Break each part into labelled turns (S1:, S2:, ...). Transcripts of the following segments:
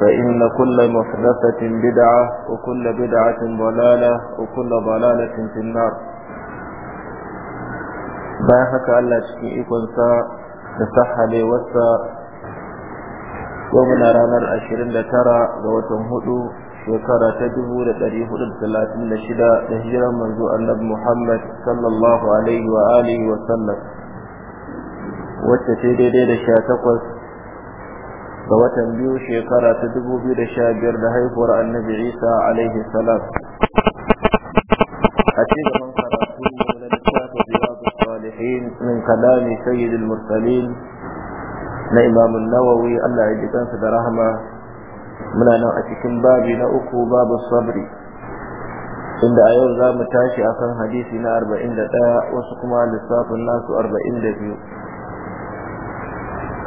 S1: فإن كل محدثة بدعة وكل بدعة ضلالة وكل ضلالة في النار bayan haka Allah cikin ikonsa da sahalewarsa ko muna ranar 29 ga watan hudu shekara ta 1436 da hijiran manzo annabi Muhammad sallallahu alaihi wa alihi wa sallam wacce ce daidai da 18 ga watan biyu shekara ta dubu biyu da sha biyar da haihuwar annabi isa alaihi salam a cigaban karatu na
S2: littafin riyadu salihin min
S1: kalami sayyidul mursalin na imamun nawawi allah ya ji kansa da rahama muna nan a cikin babi na uku babu sabri inda a yau za mu tashi akan hadisi na arba'in da ɗaya wasu kuma lissafin nasu arba'in da biyu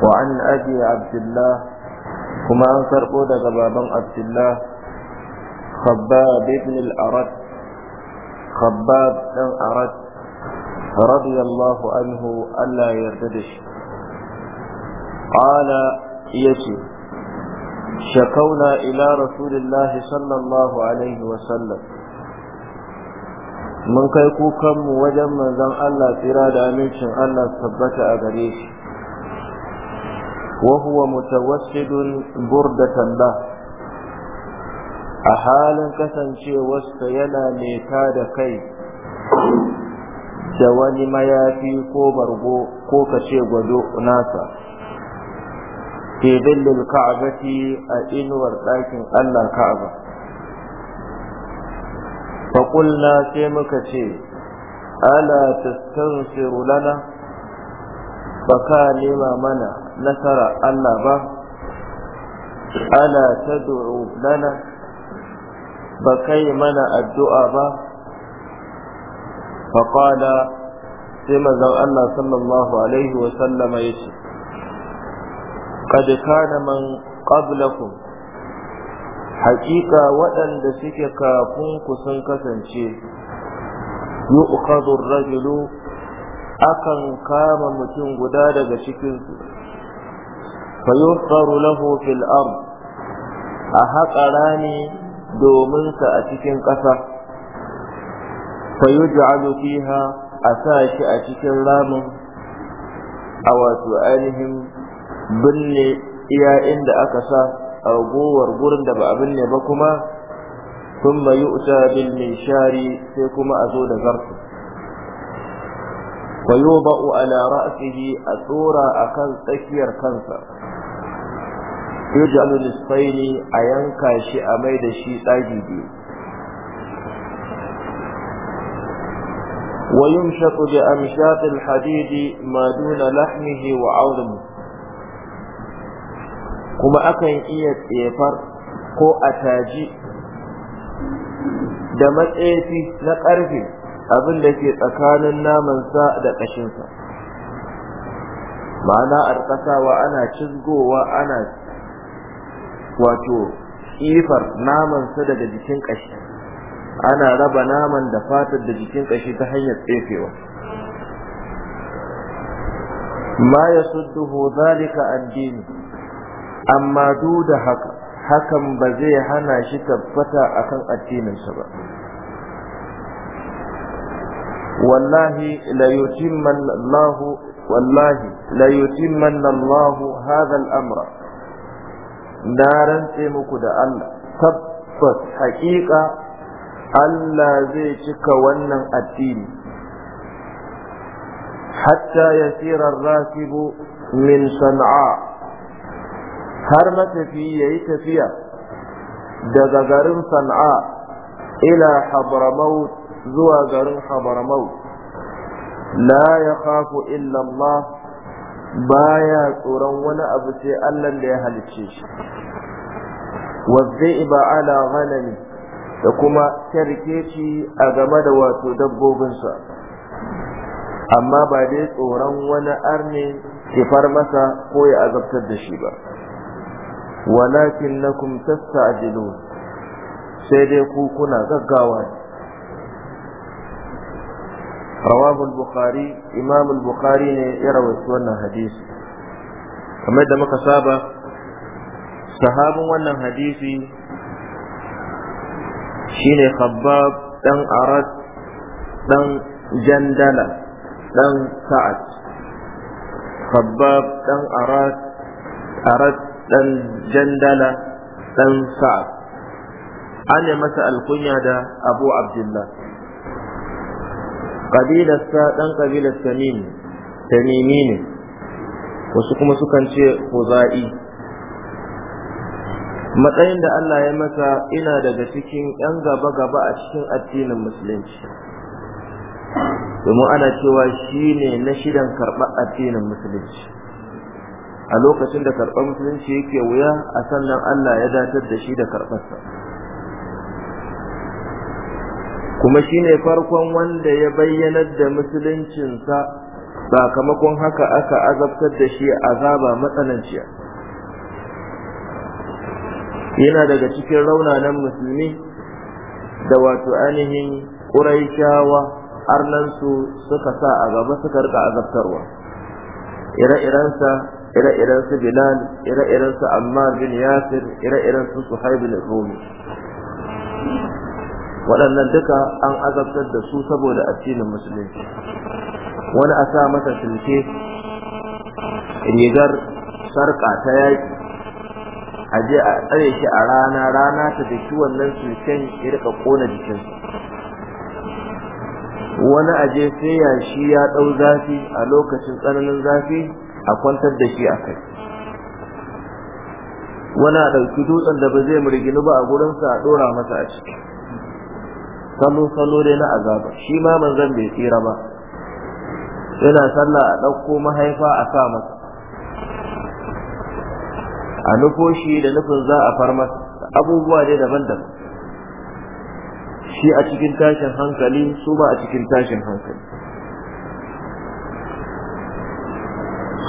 S1: وعن أبي عبد الله كما أنصر قودة بابا عبد الله خباب بن الأرد خباب بن أرد رضي الله عنه ألا يرتدش قال يسي شكونا إلى رسول الله صلى الله عليه وسلم mun kai kukanmu wajen manzon Allah tsira da amincin Allah tabbata a gare shi وهو متوسد بردة له أحالا كسن شيء وستينا ميتاد كي جواني ما يافي كو بربو كو كشي ودو ناسا في ظل الكعبة أئنور لكن ألا الكعبة فقلنا سيمك شيء ألا تستغفر لنا لما منع nasara Allah ba ala tad'u lana ba kai mana addu'a ba faƙada sai manzon Allah sallallahu alaihi wa sallama yace qad kana man qablakum haƙiƙa waɗanda suke kafin ku sun kasance yu'khadhu akan kama mutum guda daga cikinsu Ka yi ƙaru na a haƙa domin sa a cikin ƙasa. Ka yi jacar a shi a cikin ramin a wasu alihin binne iya inda aka sa a guguwar gurin da ba abin ne ba kuma sun mayu a shirya shari sai kuma a zo da zargi. Ka yi wa ba uwa a tsora a tsakiyar kansa. yujalu nisfaini a yanka shi a mai da shi tsagi biyu wa yumshaqu bi amshat al-hadid ma duna lahmihi wa awdam kuma akan iya tsefar ko ataji da matsefi na ƙarfe abin da ke tsakanin namansa da ƙashinsa ma'ana arkasawa ana cizgowa ana wato ifar sa daga jikin ƙashi ana raba naman da fatar da jikin ƙashi ta hanyar tsefewa ma ya sudduhu zalika addini amma duk da haka hakan ba zai hana shi tabbata akan addininsa ba wallahi la yutimmanna Allahu wallahi la yutimmanna Allahu hadha al-amra na rantse muku da Allah tabbas haƙiƙa Allah zai cika wannan addini hatta yasira ar min san'a har matafi yayi tafiya daga garin san'a ila hadramaut zuwa garin hadramaut la yakhafu illa Allah baya tsoron wani abu sai Allah da ya halicce shi wazzaiba ala ghanami da kuma shi a game da wato dabbobinsa amma ba dai tsoron wani arne ke far masa ko ya azabtar da shi ba walakin nakum tasta'jilun sai dai ku kuna gaggawa ne rawahu al-bukhari imam al-bukhari ne ya rawaito wannan hadisi kamar da muka saba sahabin wannan hadisi shine khabbab dan arad dan jandala dan sa'ad khabbab dan arad arad dan jandala dan sa'ad an masa alkunya da abu abdullah ƙabilar ɗan ƙabilar tamim tamimi ne wasu kuma sukan ce huza'i matsayin da Allah ya masa ina daga cikin 'yan gaba-gaba a cikin addinin musulunci domin ana cewa shi ne na shidan karɓar addinin musulunci a lokacin da karɓar musulunci yake wuya a sannan Allah ya datar da shi da karɓarsa kuma shine farkon wanda ya bayyanar da musuluncinsa sakamakon haka aka azabtar da shi a azaba matsananciya yana daga cikin raunanan musulmi da wato ainihin ƙuraishawa arnansu suka sa a gaba suka rika azabtarwa ire-irensa ire-irensu bilal ire-irensu ammar bin yasir ire-irensu suhaib bin rumi waɗannan duka an azabtar da su saboda addinin musulunci wani a sa masa sulke rigar sarƙa ta yaƙi a je a tsare shi a rana rana ta daki wannan sulken ya rika ƙona jikin wani aje sai shi ya ɗau zafi a lokacin tsananin zafi a kwantar da shi a kai wani a ɗauki dutsen da ba zai murgini ba a gurinsa a ɗora masa a ciki salo salo dai na azaba shi ma manzon bai tsira ba yana sallah a ɗauko mahaifa a sa masa a nufo shi da nufin za a far masa abubuwa dai daban-daban shi a cikin tashin hankali su ma a cikin tashin hankali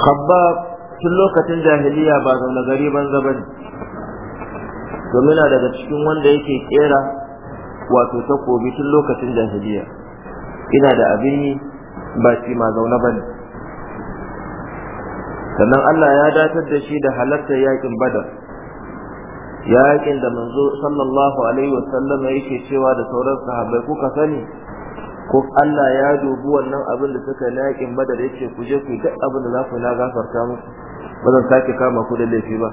S1: khabbab tun lokacin jahiliya ba zaune gari banza ba ne. domin daga cikin wanda yake kera wato takobi tun lokacin jahiliya ina da abin yi ba shi ma zaune ba ne sannan Allah ya datar da shi da halartar yakin badar yakin da manzo sallallahu alaihi wasallam yake cewa da sauran sahabbai kuka sani ko Allah ya dubi wannan abin da suka yakin badar yake ku je ku duk abin da za ku na gafarta muku ba zan sake kama ku da laifi ba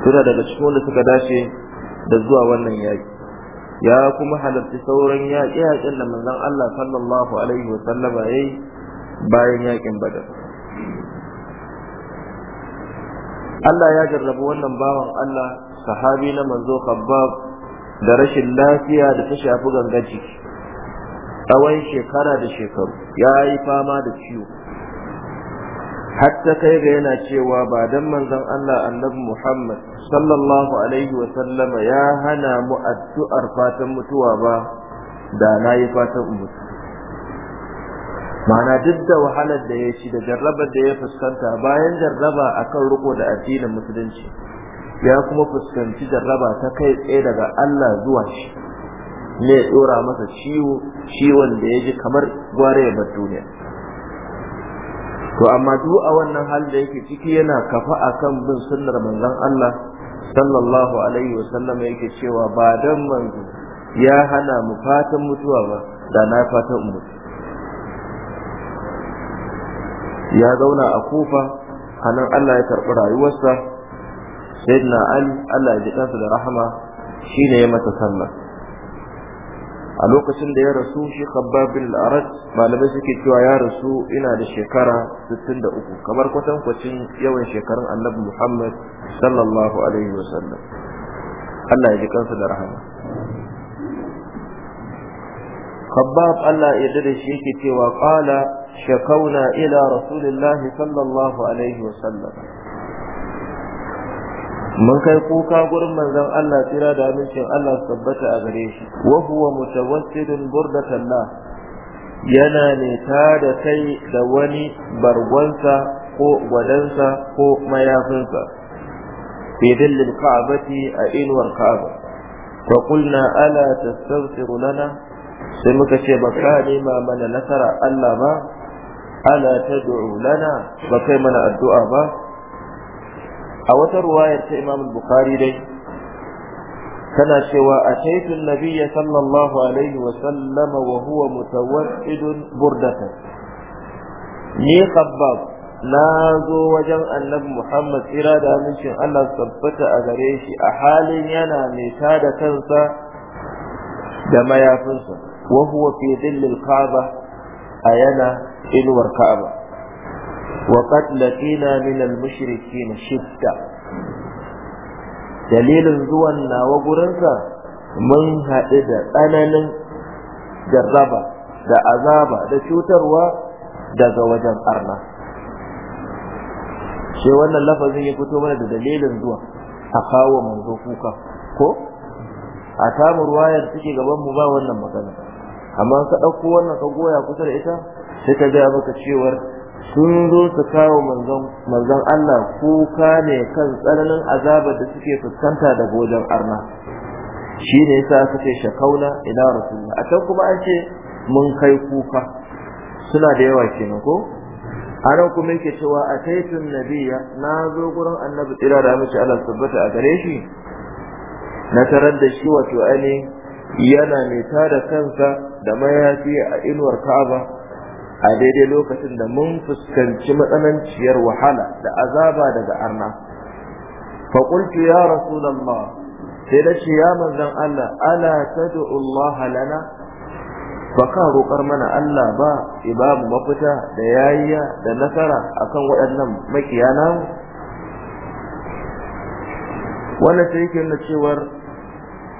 S1: suna daga cikin wanda suka dace da zuwa wannan yaki ya kuma halarci sauran yaƙe-yaƙen da manzon Allah sallallahu alaihi wa sallama yayi bayan yaƙin Badar Allah ya jarrabu wannan bawan Allah sahabi na manzo Khabbab da rashin lafiya da ta shafi gangan ciki tsawon shekara da shekaru ya yi fama da ciwo hatta kai ga yana cewa ba dan manzon Allah annabi Muhammad sallallahu alaihi wa sallama ya hana mu addu'ar fatan mutuwa ba da nayi fatan mutu Mana duk da wahalar da ya ci da jarrabar da ya fuskanta bayan jarraba akan riko da addinin musulunci ya kuma fuskanci jarraba ta kai tsaye daga Allah zuwa shi ne ya dora masa ciwo ciwon da ya ji kamar gware ya bar duniya to amma duk a wannan halin da yake ciki yana kafa akan bin sunnar manzon Allah sallallahu alaihi wa sallam yake cewa ba dan manzo ya hana mu fatan mutuwa ba da na fatan mu. ya zauna a kufa anan Allah ya karɓi rayuwarsa sayyidina Ali Allah ya ji da rahama shine ya mata sallah a lokacin da ya rasu shi khabbab bin al malamai suke cewa ya rasu ina da shekara 63 kamar kwatankwacin yawan shekarun annabi Muhammad sallallahu alaihi wasallam Allah ya ji kansa da rahama khabbab Allah ya da shi yake cewa qala shakauna ila rasulillahi sallallahu alaihi wasallam mun kai kuka gurin manzon Allah tsira da amincin Allah tabbata a gare shi wa huwa mutawassidun burdatallah yana ne ta da kai da wani bargonsa ko gwadansa ko mayafinsa fi dillil ka'abati a inuwar ka'aba fa qulna ala tastaghfiru lana sai muka ce ba ka nema mana nasara Allah ba ala tad'u lana ba kai mana addu'a ba a wata ruwayar ta Imam Bukhari dai tana cewa a an-nabiyya sallallahu alaihi wa wa huwa mutawaqqidun burdatan ni khabbab na zo wajen annabi Muhammad tsira da amincin Allah tabbata a gare shi a halin yana mai tada kansa da mayafinsa wa huwa fi dhillil Ka'aba a yana inuwar Ka'aba وقد لقينا من المشركين شدة dalilin zuwan nawa gurinsa mun haɗu da tsananin jarraba da azaba da cutarwa daga wajen arna sai wannan lafazin ya fito mana da dalilin zuwa a kawo manzo kuka ko a tamu ruwayar suke gaban mu ba wannan magana amma ka ɗauko wannan ka goya kusa da ita sai ka gaya maka cewar sun zo su kawo manzon Allah kuka ne kan tsananin azabar da suke fuskanta da gojan arna shi ne yasa suke shakauna ila rasulullah a can kuma an ce mun kai kuka suna da yawa kenan ko ana kuma yake cewa a taifin nabiya na zo gurin annabi tsira da mace Allah tabbata a gare shi na tarar da shi wato ainihin yana mai tada kansa da mayafi a inuwar Ka'aba a daidai lokacin da mun fuskanci matsananciyar wahala da azaba daga arna fa qultu ya rasulullah sai da shi ya manzan Allah ala tad'u Allah lana ba ka roƙar mana Allah ba ibabu mafita da yayya da nasara akan waɗannan makiyana wannan sai yake nuna cewar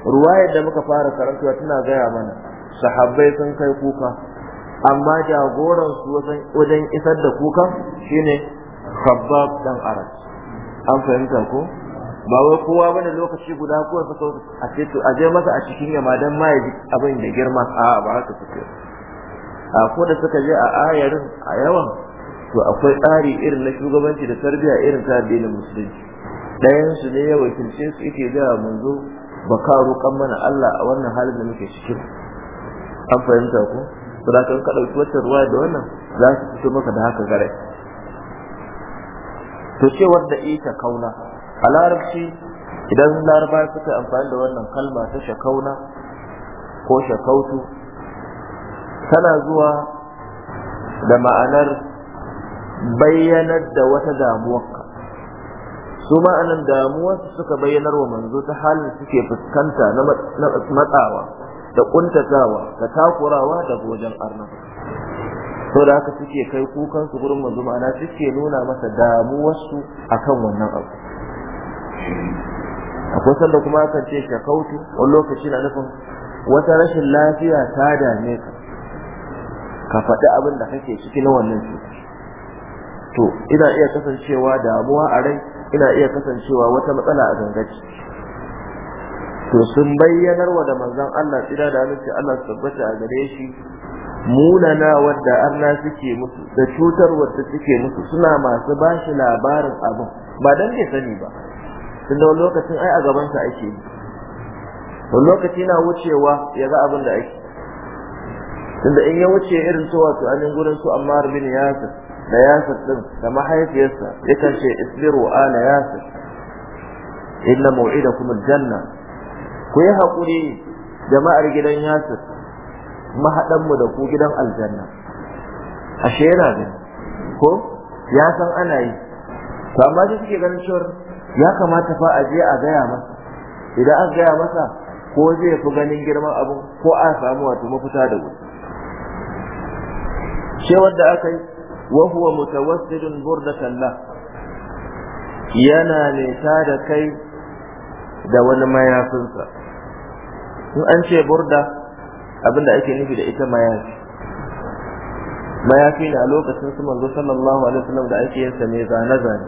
S1: ruwayar da muka fara karantawa tana gaya mana sahabbai sun kai kuka amma jagoran su wajen isar da kuka shine khabbab dan arab an fahimta ko ba wai kowa bane lokaci guda ko ta so a ce to aje masa a cikin yamma dan ma ya ji abin da girma a ba haka take a ko da suka je a ayarin a yawan to akwai tsari irin na shugabanci da tarbiya irin ta addinin musulunci ɗayan su ne ya wakilce su yake ga manzo ba ka roƙan mana Allah a wannan halin da muke cikin an fahimta ko to da kan ka dauki wata ruwa da wannan za su fito maka da haka gare to cewar da ita kauna a larabci idan laraba suka amfani da wannan kalma ta shakauna ko shakautu tana zuwa da ma'anar bayyanar da wata damuwarka su ma'anar damuwarsu suka bayyanar wa manzo ta halin suke fuskanta na matsawa da kuntatawa da takurawa da gojen arna to da haka suke kai kukan su gurin manzo ma'ana suke nuna masa damuwarsu akan wannan abu akwai sanda kuma akan ce kautu wani lokaci na nufin wata rashin lafiya ta dame ka ka faɗi abin da kake ciki na wannan cuta to ina iya kasancewa damuwa a rai ina iya kasancewa wata matsala a gangaci to sun bayyanar wa da manzon Allah tsira da halitta Allah tabbata a gare shi munana wadda Allah suke musu da cutar wanda suke musu suna masu bashi labarin abin ba dan bai sani ba tun da lokacin ai a gaban sa ake yi to lokaci na wucewa ya ga abin da ake tunda in ya wuce irin su wato anin gurin su Ammar bin Yasir da Yasir din da mahaifiyarsa yakan ce isbiru ala Yasir inna mu'idakum aljanna ku yi haƙuri jama'ar gidan yasir mahaɗanmu da ku gidan aljanna ashe yana gani ko ya san ana yi to amma shi suke ganin cewar ya kamata fa a je a gaya masa idan an gaya masa ko zai fi ganin girman abin ko a samu wato mafita da wuri shi da aka yi wa huwa mutawassidun burdatan la yana ne da kai da wani mayafinsa in an ce burda abinda ake nufi da ita mayafi mayafi ne a lokacin su manzo sallallahu alaihi wasallam da ake yansa ne zane zane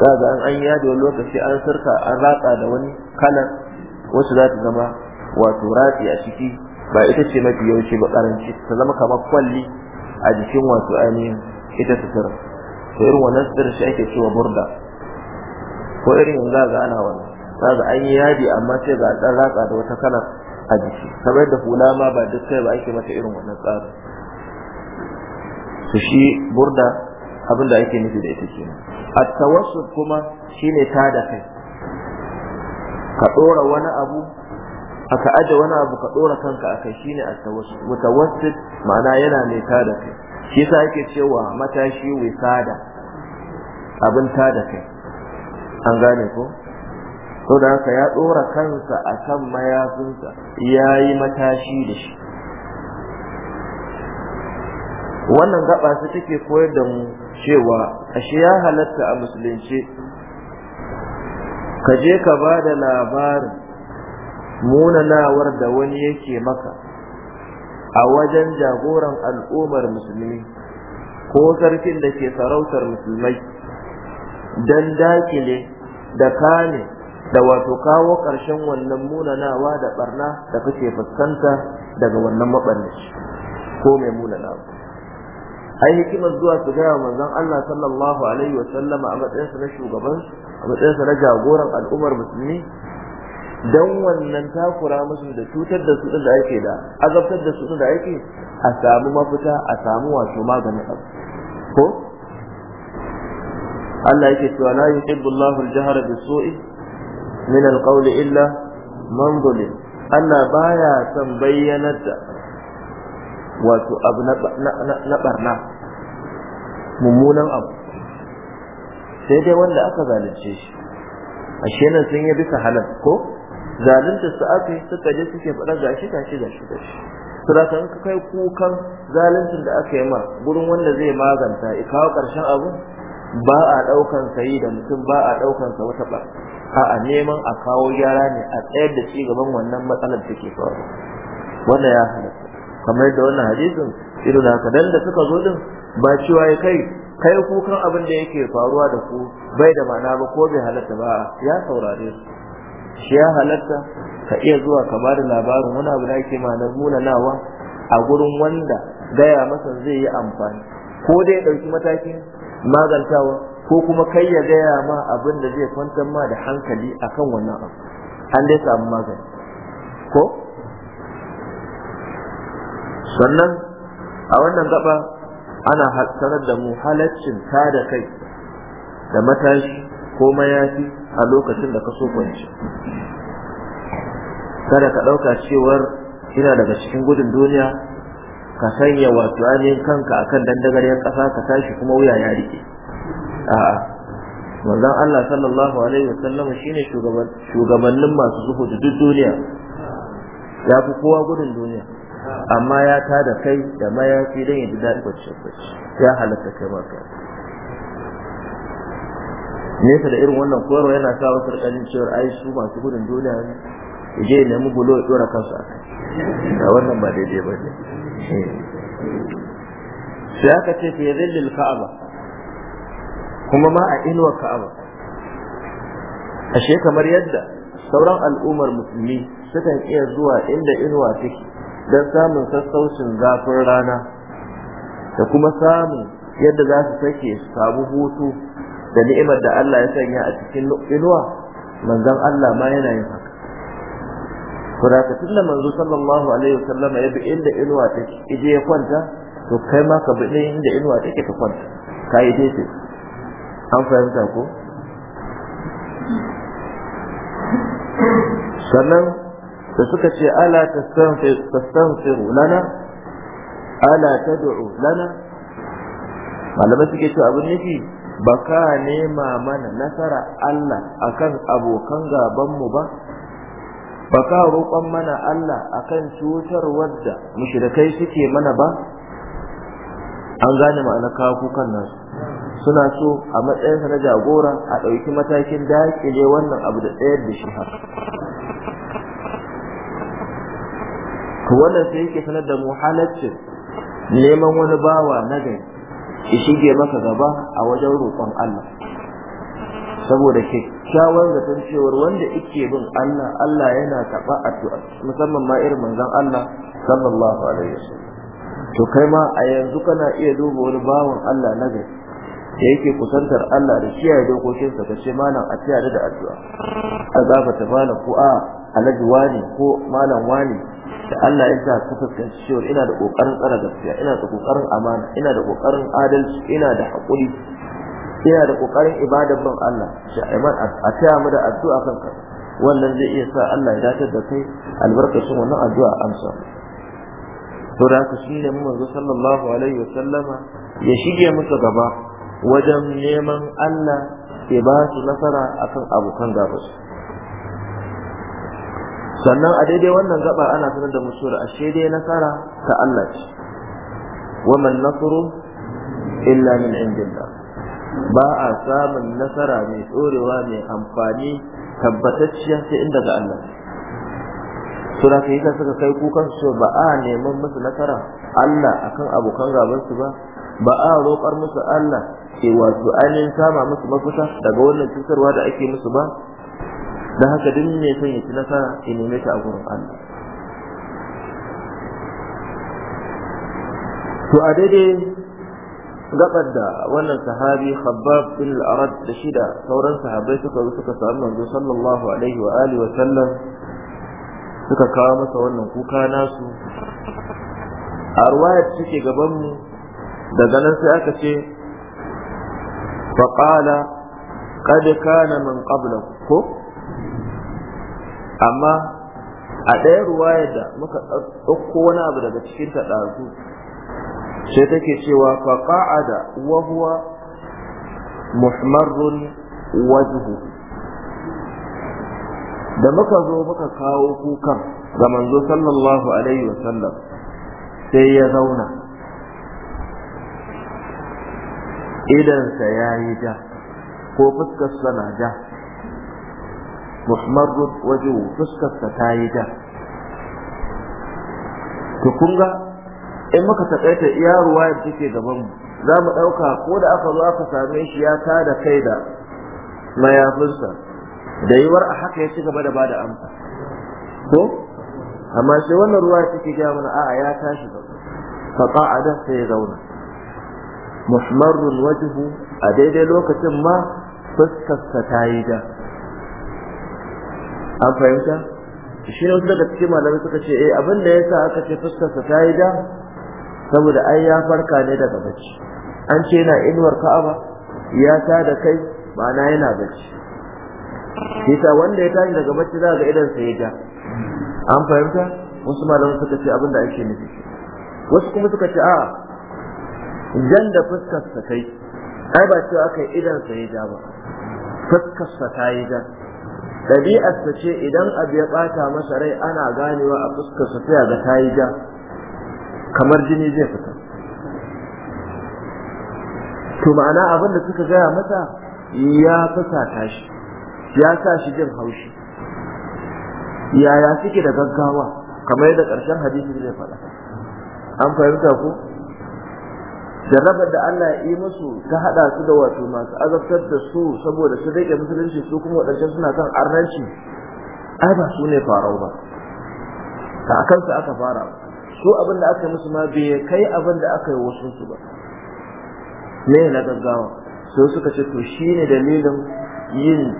S1: za ga an an yado lokaci an sirka an ratsa da wani kalar wasu za ta zama wato ratsi a ciki ba ita ce mafi yawanci ba karanci ta zama kamar kwalli a jikin wato ainihin ita sutura to irin wannan sutura shi ake cewa burda ko irin yanzu za ga ana wannan kaga an yi yadi amma sai ga dan ratsa da wata kalar a jiki kamar da hula ma ba duk sai ba ake mata irin wannan tsari su shi burda abin da ake nufi da ita kenan a tawassul kuma shine ta da kai ka dora wani abu aka aje wani abu ka dora kanka a kai shine a tawassul mutawassit ma'ana yana ne ta da kai shi yasa ake cewa matashi sada abin ta da kai an gane ko to da haka ya dora kansa a kan mayafinsa ya yi matashi da shi wannan gaba su take koyar da mu cewa ashe ya halatta a musulunci ka je ka ba da labarin munanawar da wani yake maka a wajen jagoran al'ummar musulmi ko sarkin da ke sarautar musulmai don dakile da kane da wato kawo ƙarshen wannan munanawa da barna da kake fuskanta daga wannan maɓannaci ko mai munanawa ai hikimar zuwa su gaya manzon Allah sallallahu alaihi wa sallama a matsayinsa na shugaban a matsayinsa na jagoran al'ummar musulmi dan wannan takura musu da cutar da su da ake da azabtar da su da ake a samu mafita a samu wato maganin abu ko Allah yake cewa la yuhibbu Allahu al-jahra bis-su'i min alqawl illa man ana baya son bayyanar da wato abu na barna mummunan abu sai dai wanda aka zalunce shi ashe nan sun yi bisa halal ko zalunta su aka yi suka je suke faɗa gashi gashi gashi gashi surata in ka kai kukan zaluncin da aka yi ma gurin wanda zai maganta ya kawo ƙarshen abu ba a ɗaukan sayi da mutum ba a ɗaukan sa wata ɓarna a'a neman a kawo gyara ne a tsayar da cigaban wannan matsalar take faru wannan ya halatta kamar da wannan hadisin irin haka dan da suka zo din ba cewa ya kai kai kukan abin da yake faruwa da ku bai da ma'ana ba ko bai halatta ba ya saurare su shi ya halatta ka iya zuwa ka bada labarin wani abu da ake ma na munanawa a gurin wanda gaya masa zai yi amfani ko dai ɗauki matakin magantawa ko kuma kai ya gaya ma abin da zai kwantar ma da hankali akan wannan abu an dai samu magani ko sannan a wannan gaba ana sanar da mu halaccin da kai da matashi ko mayafi a lokacin da ka so kwanci kada ka ɗauka cewar ina daga cikin gudun duniya ka sanya wato ainihin kanka akan ya ƙasa ka tashi kuma wuya ya rike a'a manzon Allah sallallahu alaihi wasallam shine shugaban shugabannin masu zuhu da duk duniya ya fi kowa gudun duniya amma ya ta da kai da mayafi dan ya ji daɗi bacci bacci ya halatta kai maka nesa da irin wannan koyarwa yana sa wasu rikanin cewar ai su masu gudun duniya ne je ya nemi bulo ya dora kansu a kai wannan ba daidai ba ne eh. sai aka ce fi zillil ka'aba kuma ma a inuwar ka'aba ashe kamar yadda sauran al'ummar musulmi sukan iya zuwa inda inuwa take don samun sassaucin zafin rana da kuma samun yadda za su sake su samu hutu da ni'imar da Allah ya sanya a cikin inuwa manzon Allah ma yana yin haka saboda manzu manzo sallallahu alaihi wasallama ya bi inda inuwa take ije ya kwanta to kai ma ka bi inda inuwa take ka kwanta kai dai an fahimta ko sannan da suka ce ala tastanfiru lana ala tad'u lana malamai suke cewa abin nufi ba ka nema mana nasara Allah akan abokan gabanmu ba ba ka roƙon mana Allah akan cutar wadda mushrikai suke mana ba an gane ma'ana kawo kukan nasu suna so a matsayin sa na jagora a ɗauki matakin da wannan abu da tsayar da shi har to wannan sai yake sanar da mu neman wani bawa na gari ya shige maka gaba a wajen roƙon Allah saboda ke, da zaton cewar wanda ike bin Allah Allah yana taɓa addu'a musamman ma irin manzon Allah sallallahu alaihi wasallam to kai ma a yanzu kana iya duba wani bawan Allah na gari da yake kusantar Allah da kiyaye dokokinsa ka ce malam a tiyare da addu'a a ta malam ko a alhaji wani ko malam wani da Allah ya sa ka fuskanci cewa ina da kokarin tsara gaskiya ina da kokarin amana ina da kokarin adalci ina da haƙuri ina da kokarin ibadar ban Allah shi a tiya mu da addu'a kanka wannan zai iya sa Allah ya datar da kai albarkacin wannan addu'a amsa to da haka shi ne manzo sallallahu alaihi wasallama ya shige masa gaba wajen neman Allah ya ba su nasara akan abokan gabas sannan a daidai wannan gaba ana sanar da musuwar ashe dai nasara ta Allah ce waman nasru illa min indillah ba a samun nasara mai tsorewa mai amfani tabbatacciya sai inda ga Allah sura kai ka suka kai kukan su ba a neman musu nasara Allah akan abokan gabansu su ba ba a roƙar musu Allah ke wato ainihin kama musu mafita daga wannan cutarwa da ake musu ba da haka duk ne son ya nasara ya neme ta a gurin Allah to a daidai gabar da wannan sahabi khabbab bin al-arad da shida sauran sahabbai suka zo suka samu manzo sallallahu alaihi wa alihi wa sallam suka kawo masa wannan kuka nasu a ruwayar take gaban mu daga nan sai aka ce faƙala qad kana min qablakum ko amma a ɗaya ruwaya da muka ɗauko wani daga cikin ta ɗazu sai take cewa faqa'ada da huwa muhmarrun wajhu da muka zo muka kawo kukan ga manzo sallallahu alaihi wasallam sai ya zauna idansa ya yi ja ko fuskarsa na ja musmarrud waje fuskarsa ta yi ja to kun ga in muka taƙaita iya ruwa da take gabanmu za mu ɗauka ko da aka zo aka same shi ya da kai da mayafinsa da yiwuwar a haka ya ci gaba da bada amsa ko amma sai wannan ruwa take gaya mana a'a ya tashi ba fa qa'ada sai ya zauna musmarrun wajhu a daidai lokacin ma fuskarsa ta yi da an fahimta shi ne wasu daga cikin malamai suka ce eh abin da yasa aka ce fuskarsa ta yi da saboda ai ya farka ne daga bacci an ce yana inuwar ka'aba ya sa da kai ma'ana yana bacci yasa wanda ya tashi daga bacci za ga idan sa ya ja an fahimta wasu malamai suka ce abin da ake nufi wasu kuma suka ce a'a jan da fuskar sa kai ai ba cewa aka idan sa ya ja ba fuskar sa ta yi ja ɗabi'ar sa ce idan abu ya bata masa rai ana ganewa a fuskar sa sai ga ta yi ja kamar jini zai fita to ma'ana abin da suka gaya mata ya fusata shi ya sa shi jin haushi yaya suke da gaggawa kamar yadda ƙarshen hadisi zai faɗa an fahimta ku jarrabar da Allah ya yi musu ta hada su da wato masu azabtar da su saboda su rike musulunci su kuma wadanda suna kan arnanci ai ba su ne farau ba ta akan su aka fara su abin da aka musu ma bai kai abin da aka yi wasu su ba me na gaggawa sai suka ce to shine dalilin yin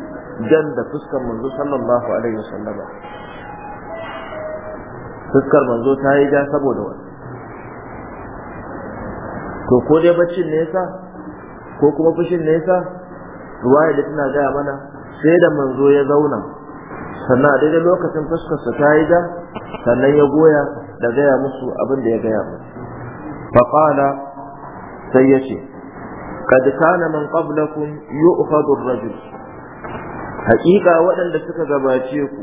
S1: dan da fuskar manzo sallallahu alaihi wasallama fuskar manzo ta yi ja saboda wani to ko dai baccin ne yasa ko kuma fushin ne yasa ruwaya da tana gaya mana sai da manzo ya zauna sannan a daidai lokacin fuskarsa ta yi da sannan ya goya da gaya musu abin da ya gaya musu faƙala sai ya ce kad kana man qablakum yu'khadhu ar-rajul haƙiƙa waɗanda suka gabace ku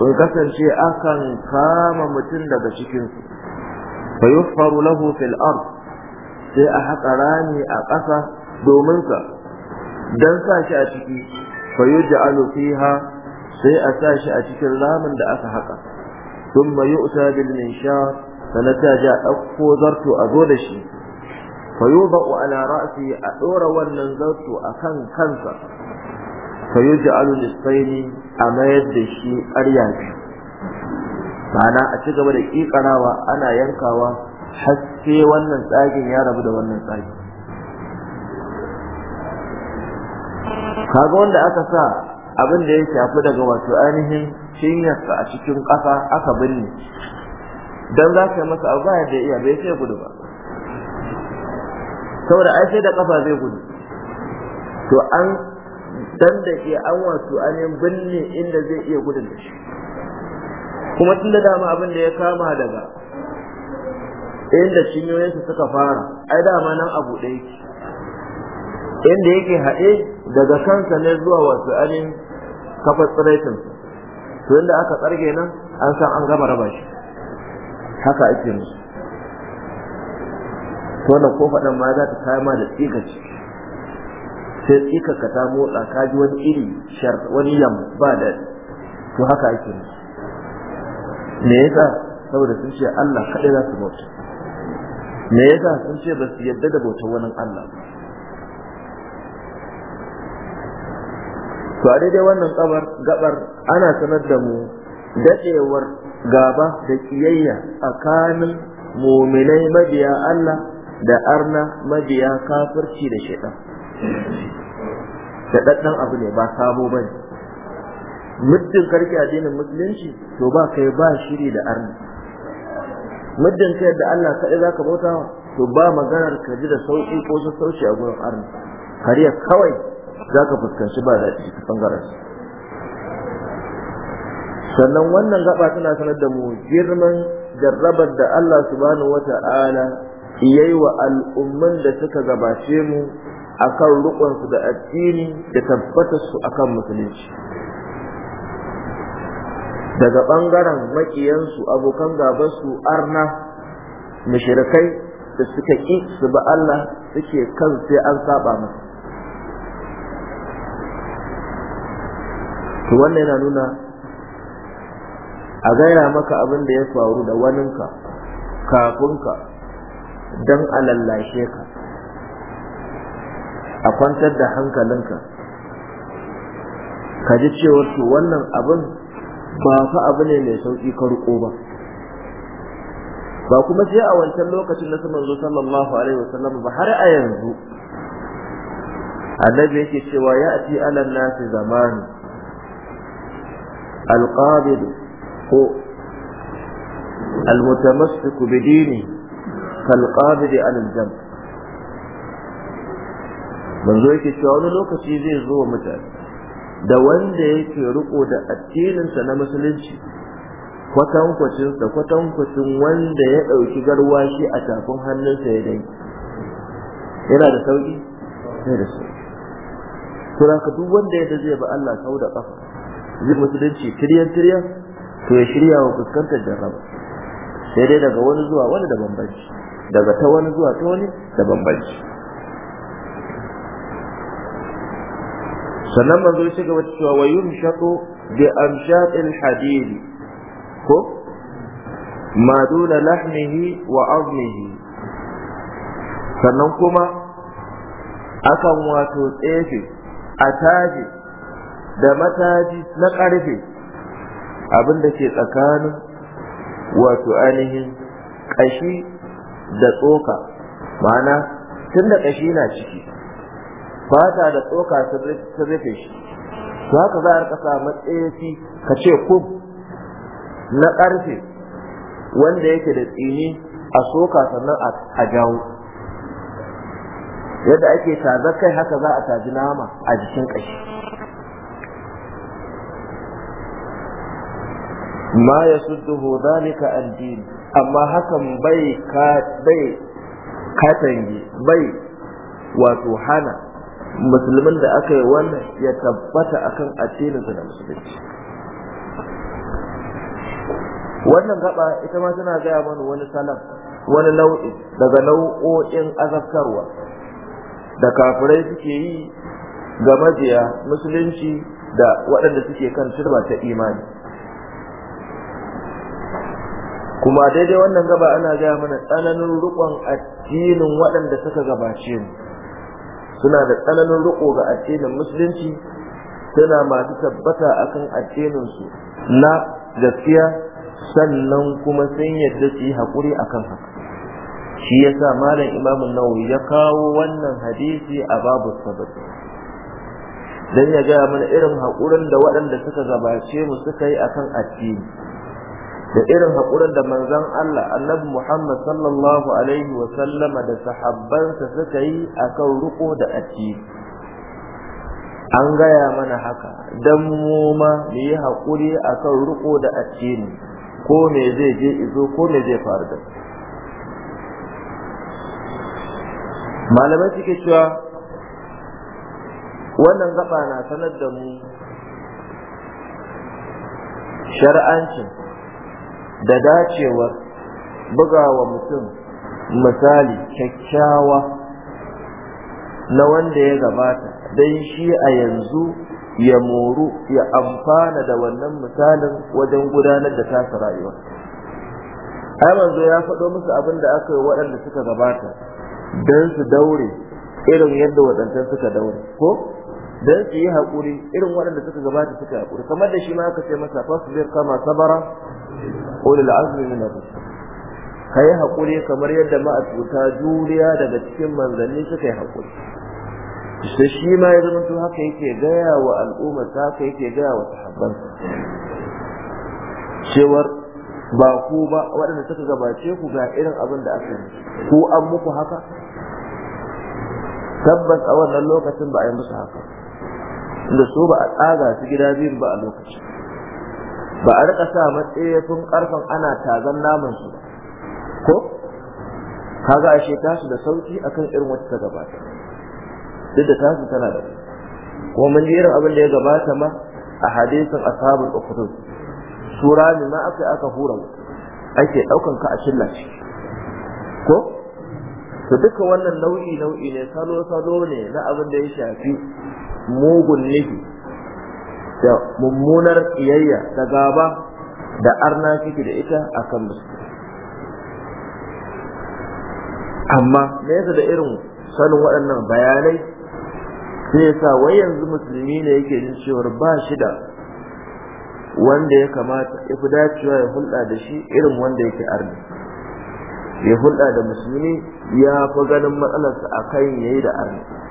S1: sun kasance akan kama mutum daga cikin su fa yufaru lahu fil ard sai a haƙa rami a ƙasa dominsa dan sa shi a ciki fayu da alufiha sai a sa shi a cikin ramin da aka haƙa Tun mayu usa bil min sha sanata ja ɗauko zarto a zo da shi fayu ba wa ala a ɗora wannan zarto a kan kansa fayu da alulisaini a mayar da shi ƙarya biyu ma'ana a ci gaba da ƙiƙarawa ana yankawa Haske wannan tsagin ya rabu da wannan tsagin kaga wanda aka sa abin da ya shafi daga wato ainihin cinyarsa a cikin ƙasa aka binne don za ka yi masa abu baya da iya bai sai gudu ba saboda ai sai da ƙafa zai gudu to an dan da ke an wato ainihin binne inda zai iya gudun da shi kuma tun da dama abin da ya kama daga inda cinyoyinsa suka fara ai dama nan abu ɗaya inda yake haɗe daga kansa ne zuwa wasu anin kafa tsiraitin to inda aka tsarge nan an san an gama raba shi haka ake musu to wannan ko faɗan ma za ta kama da tsika ciki sai tsika ka ta motsa ka ji wani iri shar wani yam ba da to haka ake musu me yasa saboda sun ce Allah kaɗai za su mutu me yasa sun ce ba su yadda da bautar wani Allah ba to a daidai wannan kabar gabar ana sanar da mu dadewar gaba da kiyayya tsakanin muminai mabiya Allah da arna mabiya kafirci da shaitan da dadan abu ne ba sabo bane muddin karki addinin musulunci to ba kai ba shiri da arna muddin ka yadda Allah kaɗai za ka bauta to ba maganar ka ji da sauƙi ko sassauci a gurin arna kariya kawai za fuskanci ba da ta bangaren sannan wannan gaba tana sanar da mu girman jarrabar da Allah subhanahu wata'ala yayi wa al'umman da suka gabace mu akan rukunsu da addini da tabbatar su akan musulunci daga ɓangaren maƙiyansu abokan su arna mushrikai da suka ƙi su ba Allah suke kan sai an saba masa to wannan yana nuna a gaira maka abin da ya faru da waninka kafinka don a ka a kwantar da hankalinka ka ji cewa to wannan abin ba fa abu ne mai sauki ka ba ba kuma sai a wancan lokacin na manzo sallallahu alaihi wasallam ba har a yanzu annabi yake cewa ya ati alal nasi zamani alqabid ko المتمسك بدينه كالقابض على الجنب manzo yake cewa wani lokaci zai zo mutane da wanda yake riko da addininsa na musulunci kwatankwacinsa kwatankwacin wanda ya ɗauki garwashi a tafin hannunsa ya dai yana da sauƙi yana da sauƙi duk wanda yadda zai ba Allah sau da ƙafa zai musulunci tiryan tiryan to ya shirya wa fuskantar jarraba sai dai daga wani zuwa wani da bambanci daga ta wani zuwa ta wani da bambanci sannan manzo ya cigaba cewa wa yumshaqu bi amshatil hadid ko ma duna lahmihi wa azmihi sannan kuma akan wato tsefe a taji da mataji na ƙarfe abin da ke tsakanin wato ainihin ƙashi da tsoka ma'ana tun da ƙashi na ciki fata da tsoka sun rufe shi to haka za a rika sa matsayi ka ce kub na ƙarfe wanda yake da tsini a tsoka sannan a jawo yadda ake tazar kai haka za a taji nama a jikin ƙashi ma ya sudduhu ka addini amma hakan bai katange bai wato hana musulmin da aka yi wannan ya tabbata akan addinin sa da musulunci wannan gaba ita ma tana gaya mana wani salam wani nau'i daga nau'o'in azabtarwa da kafirai suke yi ga majiya musulunci da waɗanda suke kan turba ta imani kuma daidai wannan gaba ana gaya mana tsananin rukon addinin waɗanda suka gabace mu suna da tsananin riko ga addinin musulunci suna masu tabbata akan addininsu na gaskiya sannan kuma sun yadda su yi haƙuri akan haka shi yasa malam imamun nawawi ya kawo wannan hadisi a babu sabbat dan ya gaya mana irin haƙurin da waɗanda suka gabace mu suka yi akan addini da irin haƙurin da manzon Allah annabi Muhammad sallallahu alaihi wa sallama da sahabbansa suka yi akan riko da aci an gaya mana haka dan mu ma mu yi haƙuri akan riko da aci ko me zai je izo ko me zai faru da malamai suke cewa wannan gaba na sanar da mu shar'ancin da dacewar bugawa mutum misali kyakkyawa na wanda ya gabata don shi a yanzu ya moru ya amfana da wannan misalin wajen gudanar da tasa rayuwa ai manzo ya faɗo musu abin da aka yi waɗanda suka gabata don su daure irin yadda waɗanda suka daure ko dan su yi haƙuri irin waɗanda suka gabata suka haƙuri kamar da shi ma aka ce masa fasbir kama sabara ulul azmi min ar-rusul kai haƙuri kamar yadda ma'abuta juriya daga cikin manzanni suka yi haƙuri sai shi ma ya zama haka yake gaya wa al'umma haka yake gaya wa sahabban cewar ba ku ba waɗanda suka gabace ku ga irin abin da aka yi ku an muku haka tabbas a wannan lokacin ba a yi musu haka da su ba a tsaga su gida biyun ba a lokaci ba a rika sa sun karfan ana tazan naman su ko kaga ashe tasu da sauki akan irin wata ta gabata duk da tasu tana da ko mun ji irin abin da ya gabata ma a hadisin ashabul ukhdud sura ne ma aka aka hura ake daukan ka a shilla ko to duka wannan nau'i nau'i ne salo salo ne na abin da ya shafi mugun nufi da mummunar iyayya da gaba da arna ciki da ita akan musulmi amma nesa da irin sanin waɗannan bayanai sai sa wai yanzu musulmi ne yake jin cewar ba shi da wanda ya kamata ya fi dacewa ya hulɗa da shi irin wanda yake arna ya hulɗa da musulmi ya fi ganin matsalarsa a kan yayi da arna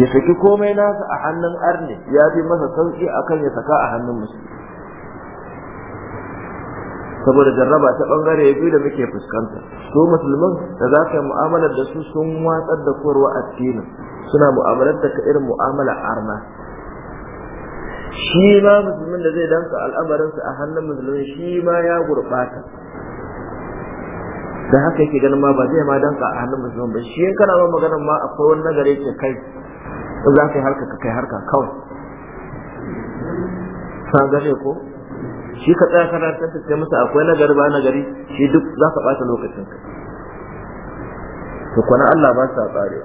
S1: ya saki komai nasa a hannun arne ya fi masa sauki akan ya saka a hannun musulmi saboda jarraba ta bangare biyu da muke fuskanta su musulman da za ka yi mu'amalar da su sun watsar da korwa addinin suna mu'amalar da ka irin mu'amala arna shi ma musulmin da zai danka al'amarinsa a hannun musulmi shi ma ya gurɓata da haka yake ganin ma ba zai ma danka a hannun musulmi ba shi in kana ma magana ma akwai wani nagare ke kai za ka yi harka ka kai harka kawai san gane ko shi ka tsaya kana ta tattace masa akwai nagari ba nagari shi duk za ka ɓata lokacin ka to kwana Allah ba sa tsare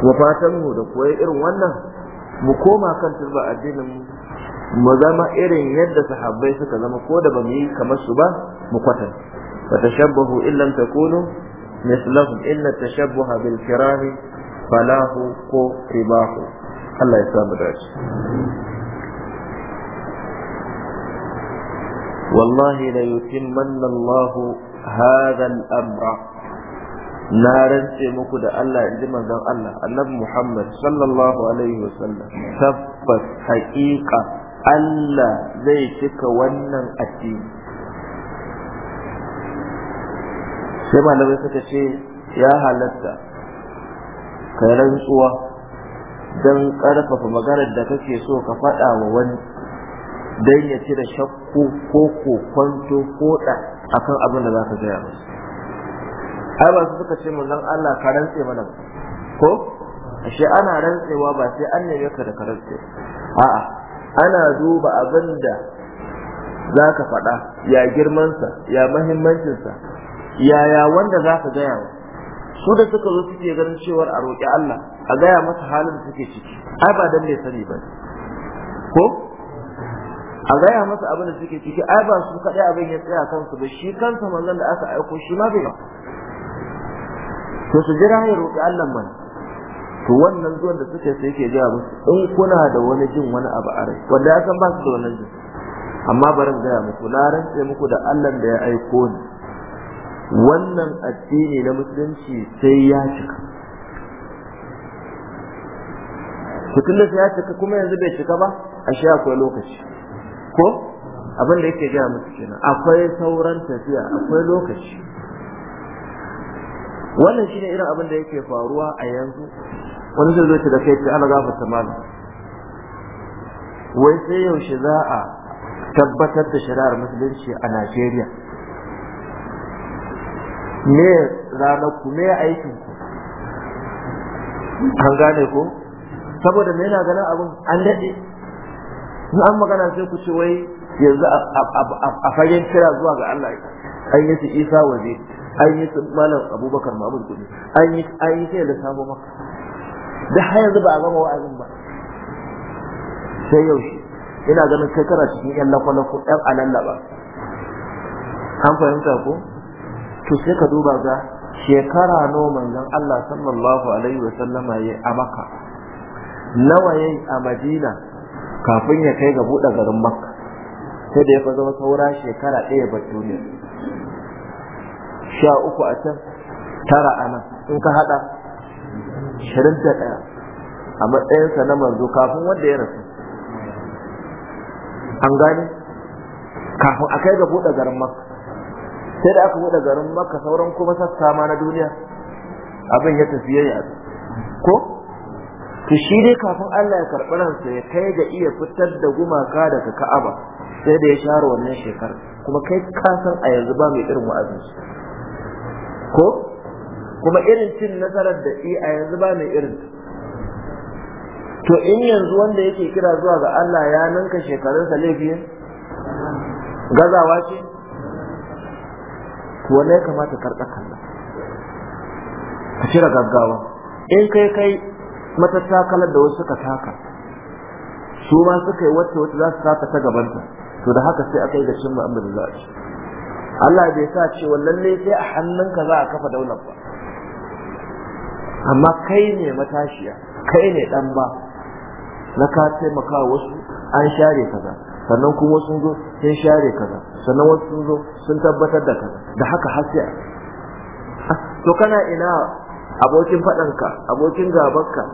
S1: kuma fatan mu da koyi irin wannan mu koma kan turba addinin mu mu zama irin yadda sahabbai suka zama ko da bamu yi kamar su ba mu kwatan fa tashabbahu illam takunu mislahum inna tashabbaha bil falahu ko ribahu Allah ya samu dace wallahi la yutimmanna Allah hadha al-amra na rantse muku da Allah inji manzon Allah annabi Muhammad sallallahu alaihi wasallam tabbas haƙiƙa Allah zai cika wannan addini sai malamai suka ce ya halatta ka rantsuwa don ƙarfafa maganar da kake so ka faɗa wa wani don ya cire shakku ko kwanto ko da akan abin da za ka gaya masa ai ba su suka ce mu nan Allah ka rantse mana ko ashe ana rantsewa ba sai an ne ka da karatu rantse a'a ana duba abin da za ka faɗa ya girmansa ya mahimmancinsa yaya wanda za ka gaya wa su da suka zo suke ganin cewar a roƙi Allah a gaya masa halin da suke ciki ai ba dan ne sani ba ko a gaya masa abin da suke ciki ai ba su kaɗai abin ya tsaya kansu ba shi kansa manzon da aka aiko shi ma bai ba to su jira ya roƙi Allah mana to wannan zuwan da suke sai yake gaya musu in kuna da wani jin wani abu a rai wanda ya san ba su da wannan jin amma barin gaya muku na rantse muku da Allah da ya aiko ni wannan addini na musulunci sai ya cika tun da ya cika kuma yanzu bai cika ba a shi akwai lokaci ko abin da yake gaya musu kenan akwai sauran tafiya akwai lokaci wannan shine irin abin da yake faruwa a yanzu wani zai zo da kai ta ana gafarta malam wai sai yaushe za a tabbatar da shari'ar musulunci a Najeriya me ranar ku me aikin ku an gane ko saboda me yana ganin abin an daɗe in an magana sai ku ce wai yanzu a fagen kira zuwa ga Allah an yi su isa waje an yi su malam abubakar mamun kudu an yi an yi da sabo maka da har yanzu ba a gama wa'azin ba sai yaushe ina ganin kai kana cikin yan lakwalakwa yan alalla ba an fahimta ko to sai ka duba ga shekara no manzon Allah sallallahu alaihi wa sallama yayi a Makka nawa yayi a Madina kafin ya kai ga buɗe garin Makka sai da ya zama saura shekara ɗaya ba duniya sha uku a can tara a nan in ka haɗa shirin da ɗaya a matsayinsa na manzo kafin wanda ya rasu an gane kafin a kai ga buɗe garin Makka sai da aka buɗe garin maka sauran kuma sassa ma na duniya abin ya tafi yayi ko to shi dai kafin Allah ya karɓi ransa ya kai ga iya fitar da gumaka daga Ka'aba sai da ya share wannan shekar kuma kai ka san a yanzu ba mai irin wa'azin ko kuma irin cin nasarar da i a yanzu ba mai irin to in yanzu wanda yake kira zuwa ga Allah ya ninka shekarunsa laifi gazawa ce to ya kamata karɓa kalla ka cire gaggawa in kai kai matattakalar da wasu suka taka su ma suka yi wata-wata, za su taka ta gabanta to da haka sai aka yi da cimma amma da za a ci Allah bai sa ce cewa ne sai a hannunka za a kafa daular ba amma kai ne matashiya kai ne dan ba na ka taimaka wasu an share kaza sannan kuma sun zo sun share kaza sannan wasu sun zo sun tabbatar da kaza da haka har sai to kana ina abokin faɗanka abokin gabanka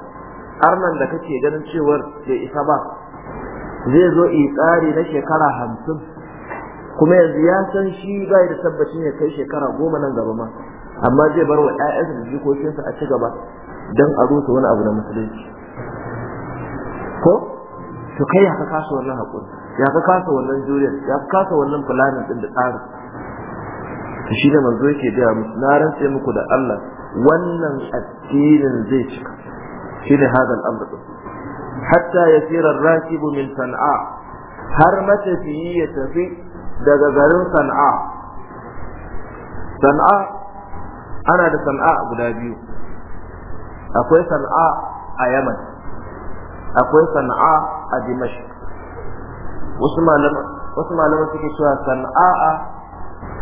S1: arnan da kake ganin cewar bai isa ba zai zo yi tsari na shekara hamsin kuma yanzu ya san shi bai da tabbacin ya kai shekara goma nan gaba ma amma zai bar wa 'ya'yansa da jikokinsa a ci gaba dan a rusa wani abu na musulunci ko to kai ya ka kasuwar na haƙuri ya ka kasa wannan juriyar ya ka kasa wannan fulanin din da tsarin shi da manzo yake gaya musu na rantse muku da Allah wannan addinin zai cika shi ne hada al'amr hatta yasira ar-rakib min san'a har matafiyi ya tafi daga garin sana'a. Sana'a, ana da sana'a guda biyu akwai sana'a a yaman akwai sana'a a dimash wasu malama wasu suke cewa san'a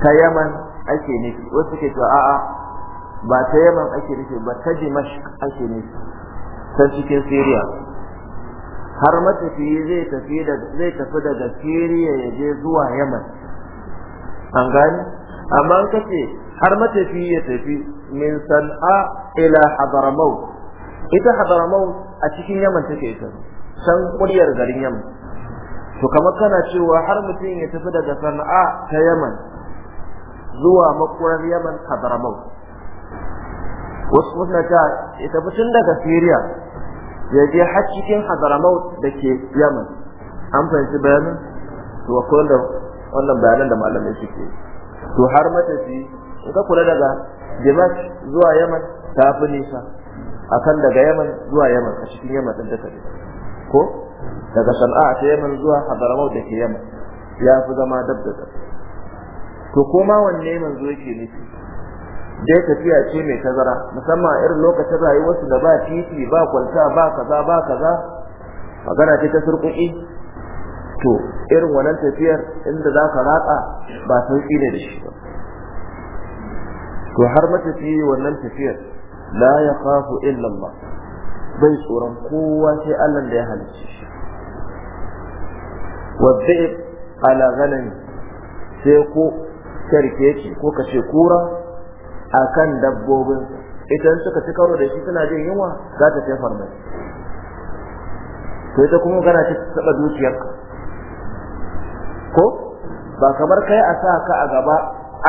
S1: ta yaman ake nufi wasu suke cewa a'a ba ta yaman ake nufi ba ta dimashq ake nufi san cikin syria har matafiyi zai tafi zai tafi daga syria ya je zuwa yaman an gani. amma an kace har matafiyi ya tafi min san'a ila hadramaut ita hadramaut a cikin yaman take ita san kuryar garin yaman to kamar kana cewa har mutum ya tafi daga sana'a ta yaman zuwa makurar yaman hadramaut wasu suna ta ya tafi tun daga syria ya je har cikin hadramaut da ke yaman an fahimci bayanin to akwai wanda wannan bayanan da malamai suke to har matafi in ka kula daga dimash zuwa yaman ta fi nisa akan daga yaman zuwa yaman a cikin yaman ɗin ta ko daga sana'a ta yaman zuwa hadaramau da ke yaman ya fi zama dab da dab to kuma wanne yaman zo ke nufi dai tafiya ce mai tazara musamman a irin lokacin rayuwarsu da ba titi ba kwalta ba kaza ba kaza magana ce ta surkuki to irin wannan tafiyar inda za ka raka ba sauƙi ne da shi ba to har matafiyi wannan tafiyar la ya kafu illa Allah bai tsoron kowa sai Allah da ya halicce والذئب على غنم سيكو كركيتي ko kace kura akan dabbobin idan suka ci karo da shi suna jin yunwa za ta tafar mai to ita kuma gana ta taba dukiyarka ko ba kamar kai a sa ka a gaba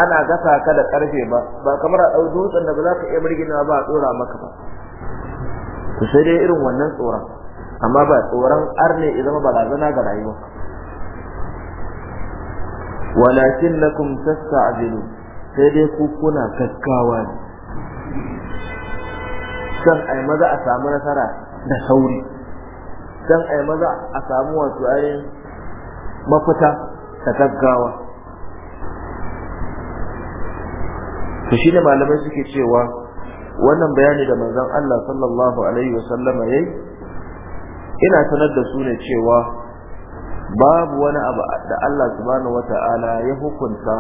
S1: ana gasa ka da karfe ba ba kamar a dau dutsen da ba za ka iya birgina ba a tsora maka ba to sai dai irin wannan tsoron amma ba tsoron arne ya zama barazana ga rayuwa walakin lakum tasta'jilu sai dai ku kuna kakkawa ne san ai maza a samu nasara da sauri san ai maza a samu wasu ai mafita da gaggawa to ne malamai suke cewa wannan bayani da manzon Allah sallallahu alaihi wasallama yayi ina sanar da su ne cewa babu wani abu da Allah subhanahu wata'ala ya hukunta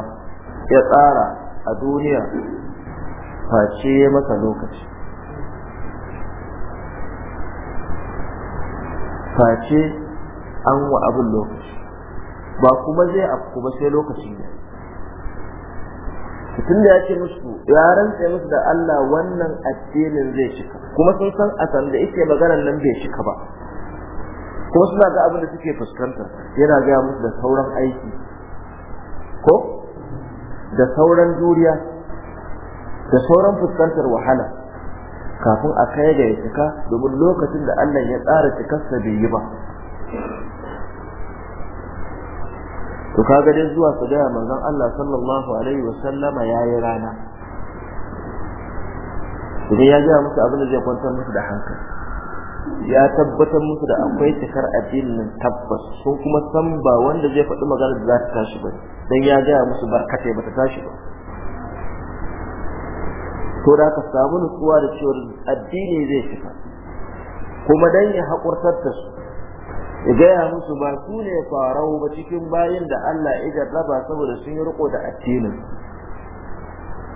S1: ya tsara a duniya face masa lokaci face an wa abin lokaci ba kuma zai afku ba sai lokaci ne tun da ya ce musu ya sai musu da Allah wannan addinin zai shika kuma sun san a da yake maganar nan bai shika ba ko suna ga abin da suke fuskanta yana gaya musu da sauran aiki ko da sauran juriya da sauran fuskantar wahala kafin a kai ga ya cika domin lokacin da Allah ya tsara cikarsa bai yi ba to kaga dai zuwa su gaya manzon Allah sallallahu alaihi wa sallama yayi rana idan ya gaya musu abin da zai kwantar musu da hankali ya tabbatar musu da akwai cikar addinin tabbas sun kuma san ba wanda zai faɗi magana da za ta tashi ba don ya gaya musu barkatai ba ta tashi ba to da ka samu nutsuwa da cewar addini zai shiga. kuma don ya haƙurtar da su ya gaya musu ba su ne farau ba cikin bayan da Allah ya raba saboda sun yi riko da addinin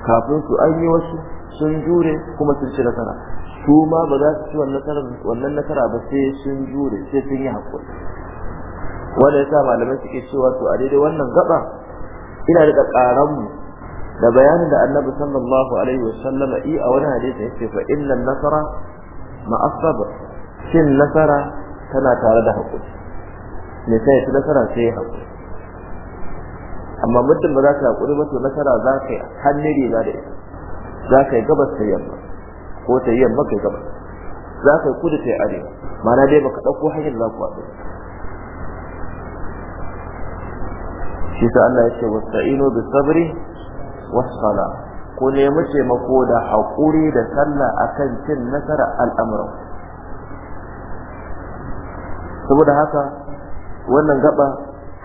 S1: kafin su an yi wasu sun jure kuma sun ci nasara su ma ba za su ci wannan nasara ba sai sun jure sai sun yi haƙuri wanda ya sa malamai suke cewa to a daidai wannan gaba ina da ƙaranmu da bayanin da annabi sallallahu alaihi wasallama i a wani hadisi yake fa inna nasara ma'asabar shin nasara tana tare da haƙuri me sai ta nasara sai ya haƙuri amma muddin ba za ka haƙuri ba to nasara za ka yi hannun riga da ita za ka yi gabas da yamma ko ta yi maka gaba za ka yi kudu ta yi arewa mana dai baka ɗauko hanyar za ku haɗu shi ta Allah ya ce wasta'inu bi sabri wasu sala ku nemi taimako da haƙuri da sallah akan cin nasara al'amuran saboda haka wannan gaba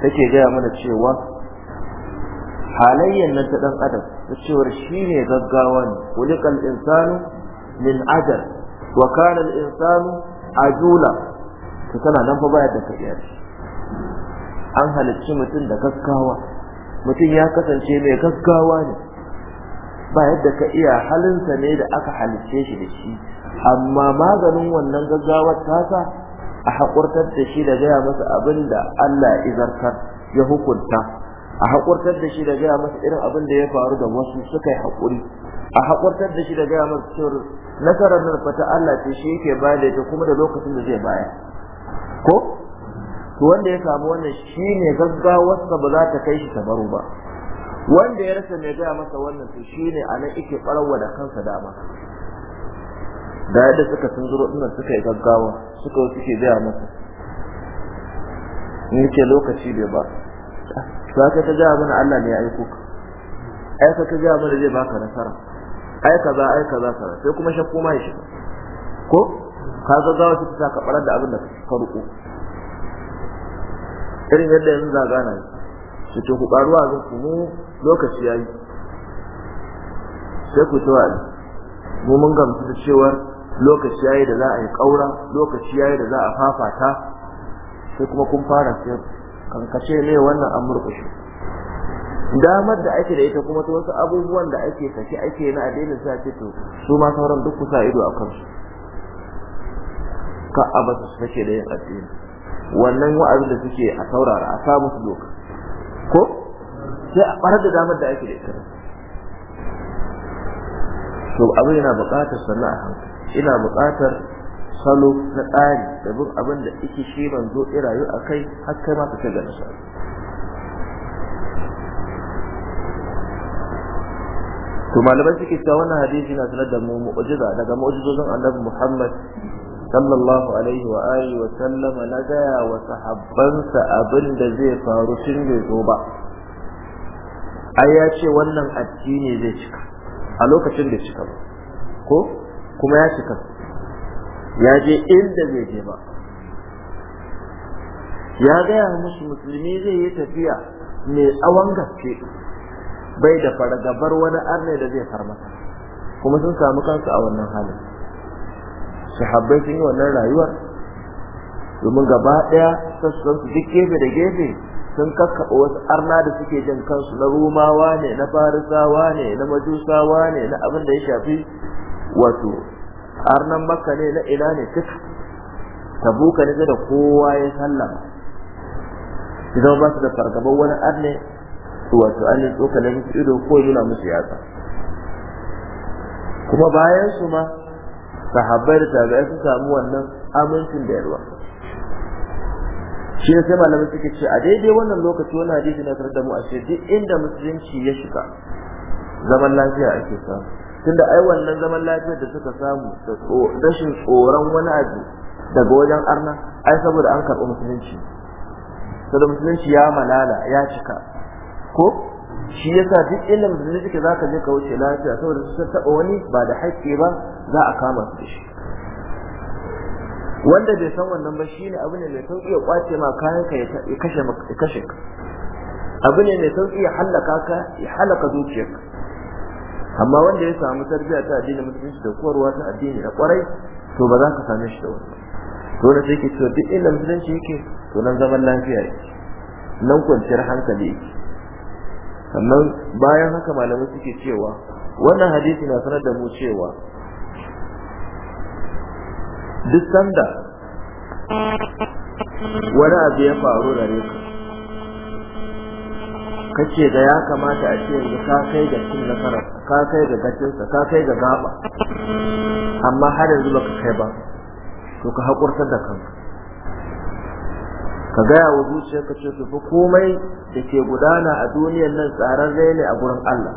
S1: take gaya mana cewa halayyar nan ta dan adam ta cewar shi ne gaggawa ne kulikal insanu min ajal wa kana al-insanu ajula to tana nan fa baya da kariya an halicci mutum da gaskawa mutum ya kasance mai gaskawa ne ba yadda ka iya halinsa ne da aka halicce shi da shi amma maganin wannan gaggawar tasa a haƙurtar da shi da gaya masa abin da Allah ya izartar ya hukunta a haƙurtar da shi da gaya masa irin abin da ya faru da wasu suka yi haƙuri a haƙurtar da shi da gaya masa cewar nasarar nan fata Allah ce shi yake bada da ita kuma da lokacin da zai baya ko to wanda ya samu wannan shi ne gaggawarsa ba za ta kai shi tabaru ba wanda ya rasa mai gaya masa wannan to shi ne a nan ike ɓarawa da kansa dama da yadda suka sun zuro ɗinan suka yi gaggawa suka suke gaya masa in yake lokaci bai ba za ka ta gaya mana Allah ne ya aiko ka ai ka ta gaya mana zai baka nasara ai kaza ai kaza kaza sai kuma shakku ma ya shiga ko ka gaggawa shi ta ka fara da abin da ka ruku irin yadda yanzu zagana ne su ce ku karuwa zan ku mu lokaci yayi sai ku tawa mu mun gamsu da cewa lokaci yayi da za a yi kaura lokaci yayi da za a fafata sai kuma kun fara sai kankace ne wannan an murƙushe damar da ake da ita kuma ta wasu abubuwan da ake kashe ake na addinin sa ce to su ma sauran duk kusa ido a kansu ka aba su sake da yin addini wannan wa'azi da suke a saurara a samu su doka ko sai a barar da damar da ake da ita to abu yana buƙatar sannan a hankali ina buƙatar salo na tsari da bin abin da ike shi zo irayu a kai har kai ma ka ce ga nasara to malamai suke cewa wannan hadisi na sanar da mu mu'jiza daga mu'jizozin annabi Muhammad sallallahu alaihi wa alihi wa sallama na gaya wa sahabbansa abin da zai faru tun bai zo ba ai ya ce wannan addini zai cika a lokacin da cika ba ko kuma ya cika ya je inda zai je ba ya gaya musu musulmi zai yi tafiya mai tsawon gaske bai da fargabar wani arne da zai farmata kuma sun samu kansu a wannan halin sahabbai sun yi wannan rayuwar domin gaba ɗaya sassan su duk gefe da gefe sun kakkaɓa wasu arna da suke jin kansu na rumawa ne na farisawa ne na majusawa ne na abin da ya shafi wato arnan makka ne na ina ne duk tabuka ne da kowa ya sallama idan ba su da fargabar wani arne wato ainihin tsokanin ido ko nuna musu yatsa kuma bayan su ma sahabbai da tabi'ai su samu wannan amincin da yarwa shi sai malamai suke ce a daidai wannan lokaci wani hadisi na tare da mu a ce duk inda musulunci ya shiga zaman lafiya ake samu tunda ai wannan zaman lafiyar da suka samu da rashin tsoron wani abu daga wajen arna ai saboda an karɓi musulunci saboda musulunci ya malala ya cika ko shi yasa duk ilmin da kike zaka je ka wuce lafiya saboda su taba wani ba da haƙƙi ba za a kama su da shi wanda bai san wannan ba shine abu ne mai sauki ya kwace ma kayan ka ya kashe ya kashe ka abu ne mai sauki ya halaka ka ya halaka ka amma wanda ya samu tarbiyya ta addinin musulunci da koyarwa ta addini da kwarai to ba za ka same shi da wani to na sai ke cewa duk inda musulunci yake to nan zaman lafiya yake nan kwanciyar hankali yake sannan bayan haka malamai suke cewa wannan hadisi na sanar da mu cewa duk sanda wani abu ya faru da ka ce da ya kamata a ce yanzu ka kai da cin nasara ka kai da gacinsa ka kai da gaba amma har yanzu baka kai ba to ka haƙurtar da kanka ka gaya wa zuciya ka ce fa komai da ke gudana a duniyar nan zai ne a gurin Allah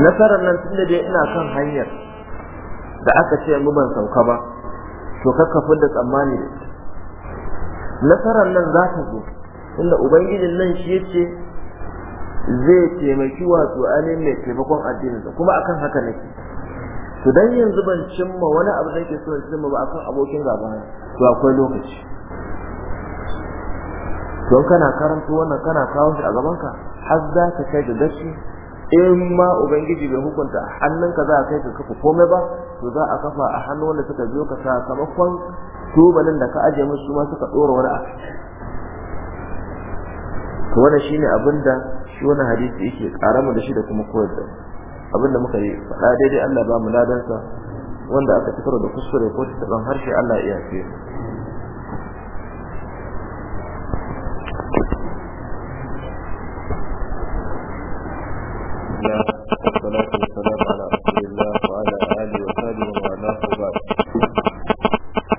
S1: nasarar nan tun da ina kan hanyar da aka ce mu ban sauka ba to kakkafin da tsammani da ita nasarar nan za ta zo inda ubangijin nan shi yace zai taimaki wato ainihin mai taimakon da kuma akan haka nake to dan yanzu ban cimma wani abu da ke so cimma ba akan abokin gaba to akwai lokaci Don kana karanto wannan kana kawo shi a gabanka har za ka kai da dashi in ma ubangiji bai hukunta a hannunka za a kai ka kafa komai ba to za a kafa a hannun wanda suka biyo ka sakamakon tubalin da ka ajiye musu ma suka ɗora wani aka to wannan shine abin da shi wannan hadisi yake karamu da shi da kuma koyar abin da muka yi faɗa daidai Allah ba mu ladansa wanda aka fitar da kuskure ko ta harshe Allah ya fiye.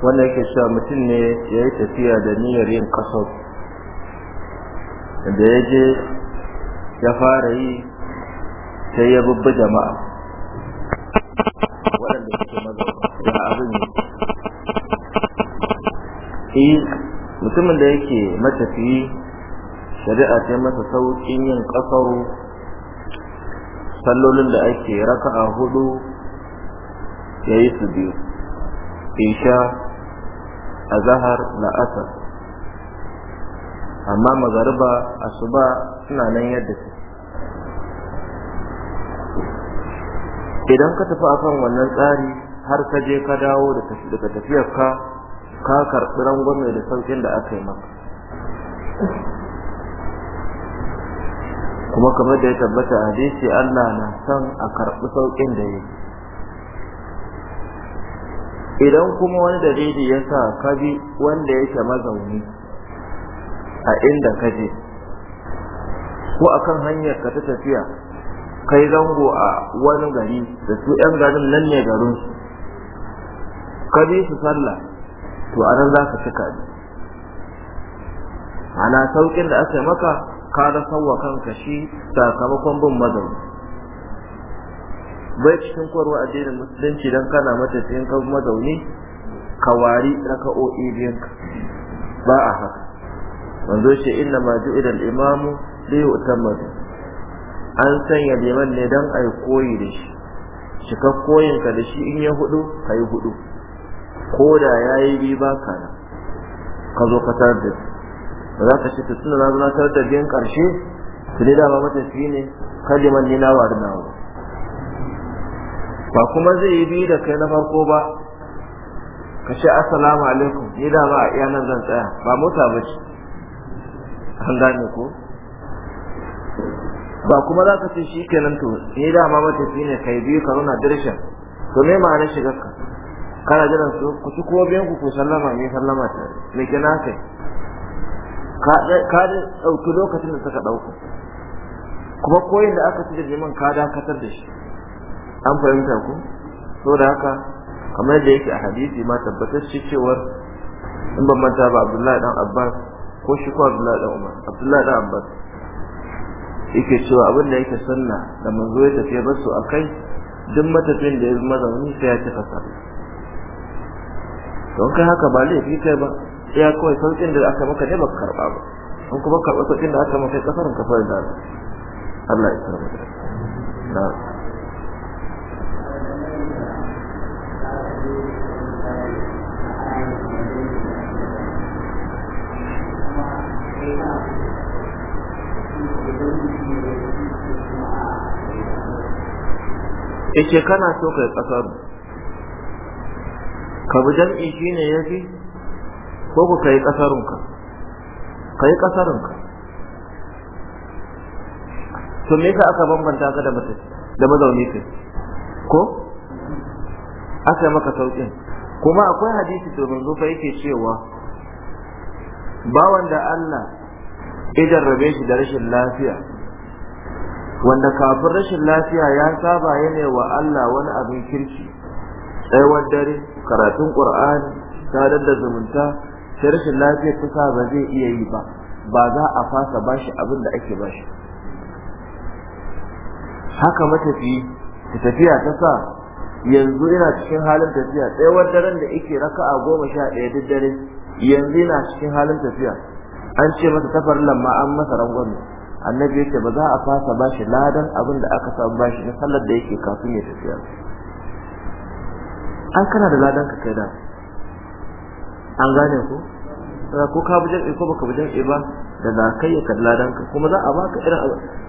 S1: wannan yake cewa mutum ne ya yi tafiya da niyyar yin kasar da ya je ya fara yi sai ya bubbi jama'a
S2: waɗanda suke mazauna da abin yi
S1: eh, mutumin da yake matafiyi shari'a ce masa sauƙin yin ƙasaru, sallolin da ake a hudu ya yi su biyu isha azahar na asar amma magariba asuba suna nan yadda su idan ka tafi akan wannan tsari har ka je ka dawo daga tafiyarka ka karɓi rangwame da sauƙin da aka yi maka kuma kamar da ya tabbata a hadisi Allah na son a karɓi sauƙin da ya idan kuma wani dalili ya sa ka bi wanda yake mazauni a inda ka je ko akan hanyar ka ta tafiya kai zango a wani gari da su 'yan garin nan ne garin su ka bi su sallah to a nan za ka cika ne ana sauƙin da aka maka ka ga sauwa kanka shi sakamakon bin mazauni bai cikin kwarwa addinin musulunci dan kana matafiyin ka mazauni ka wari raka'o'i ba a haka wanzo shi inna ma ji idan imamu li yu'tamma an sanya liman ne dan ai koyi da shi Shika koyin ka da shi in ya hudu kai hudu ko da yayi bi riba kana ka zo ka tar da ba za ka ce ta suna na zuna na da biyan ƙarshe su ne dama matafi ne kaliman ne na da nawa ba kuma zai yi biyu da kai na farko ba ka ce assalamu alaikum ni dama a iya nan zan tsaya ba mota ba ce an gane ko ba kuma za ka ce shi kenan to ni dama matafi ne kai biyu ka nuna dirshan to me ma'anar shigar ka kana jiran su ku ci ko biyan ku ku sallama ne sallama ta me kina kai ka ɗauki lokacin da suka ɗauka kuma koyin da aka ci da neman ka dakatar da shi an fahimta ku da haka kamar da yake a hadisi ma tabbatar shi cewar in ban manta ba Abdullahi dan Abbas ko shi ko Abdullahi dan Umar Abdullahi dan Abbas yake cewa abin da yake sunna da manzo ya tafi ba su akai duk matafiyin da ya zama zaune sai ya cika sallah don kai haka ba laifi kai ba ya kawai sauƙin da aka maka ne baka karɓa ba in kuma karɓa sauƙin da aka maka ka fara da Allah ya karɓa na Ice kana so kai ƙasar, ka bi jam'i
S2: shi ne ya fi
S1: ko ku kai kasarunka kai kasarunka to me ka aka bambanta ka da mutum da mazauni ka, ko aka maka saukin kuma akwai hadisi to mun zo yake cewa bawan da Allah ya jarrabe shi da rashin lafiya wanda kafin rashin lafiya ya saba yana wa Allah wani abin kirki tsayawar dare karatun Qur'ani sadar da zumunta sai rashin lafiyar ta sa ba zai iya yi ba ba za a fasa bashi abin da ake bashi haka matafi ta tafiya ta sa yanzu yana cikin halin tafiya tsayawar daren da yake raka'a goma sha ɗaya duk dare yanzu yana cikin halin tafiya an ce masa tafar lamma an masa rangon annabi yake ba za a fasa bashi ladan abin da aka samu bashi na sallar da yake kafin ya tafiya an kana da ladan ka kai da an gane ku sai ko ka bujan ko baka bujan ba da za kai ya kalla dan ka kuma za a baka irin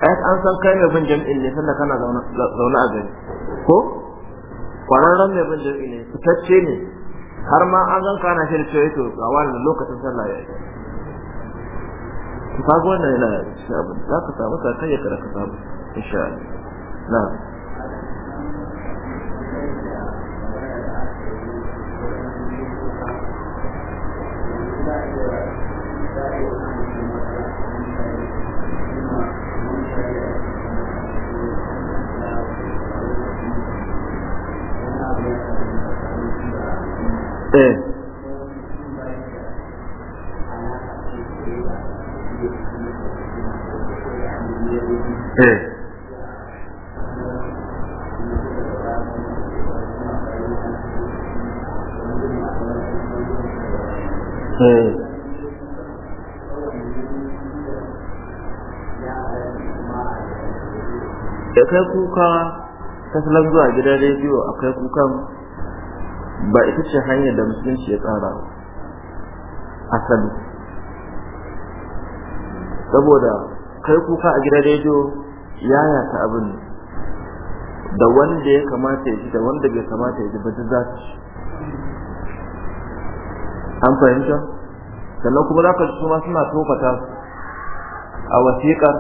S1: ayat an san kai mai bin jami'in ne sannan kana zaune a gari ko kwararren mai bin jami'in ne fitacce ne har ma an zan kana shi da cewa eh, to ga wannan lokacin sallah ya yi ka ga wannan yana shi abin za ka samu ka kai ya kada ka samu insha Allah na'am Eh. eh eh da kai kuka ta zuwa gidan rediyo akai kukan ba ita ce hanyar da musulunci ya tsara asali saboda kai kuka a gidan rediyo ya yata abin da wanda ya kamata ya ji da wanda bai kamata ya ji ba za su an fahimta sannan kuma za ka ji kuma suna tofata a wasiƙar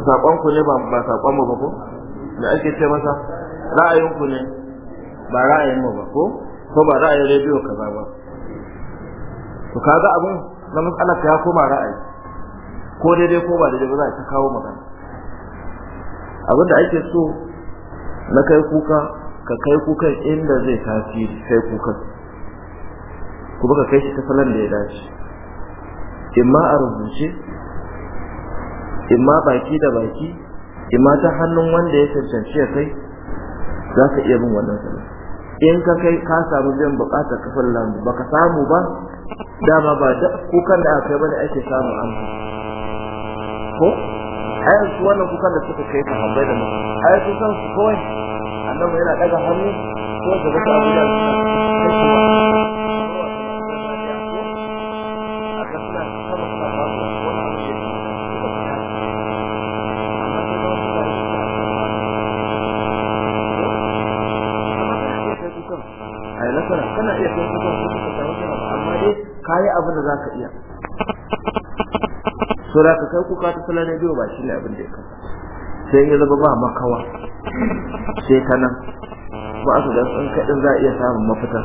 S1: saƙonku ne ba saƙonmu ba ko da ake ce masa ra'ayinku ne ba ra'ayin mu ba ko ko ba ra'ayin radio kaza ba to kaga abun na matsalar ya koma ra'ayi ko dai-dai ko ba daidai ba za a ta kawo magana abin da ake so na kai kuka ka kai kukan inda zai tasiri kai kukan kuma ka kai shi ta salon da ya dace imma a rubuce imma baki da baki imma ta hannun wanda ya cancanci ya kai za ka iya bin wannan in ka kai ka samu biyan bukatar kafin ba baka samu ba dama ba da kukan da aka yi bane ake samu an ko ai su wannan kukan da suka kai ka hambai da mu ai su san su kawai annabi yana daga hannu ko da ka da to da ka kai kuka ta sallah ne biyu ba shi ne abin da ya kai. sai ya zama ba makawa sai ka nan ba aka ga sun kaɗin za a iya samun mafita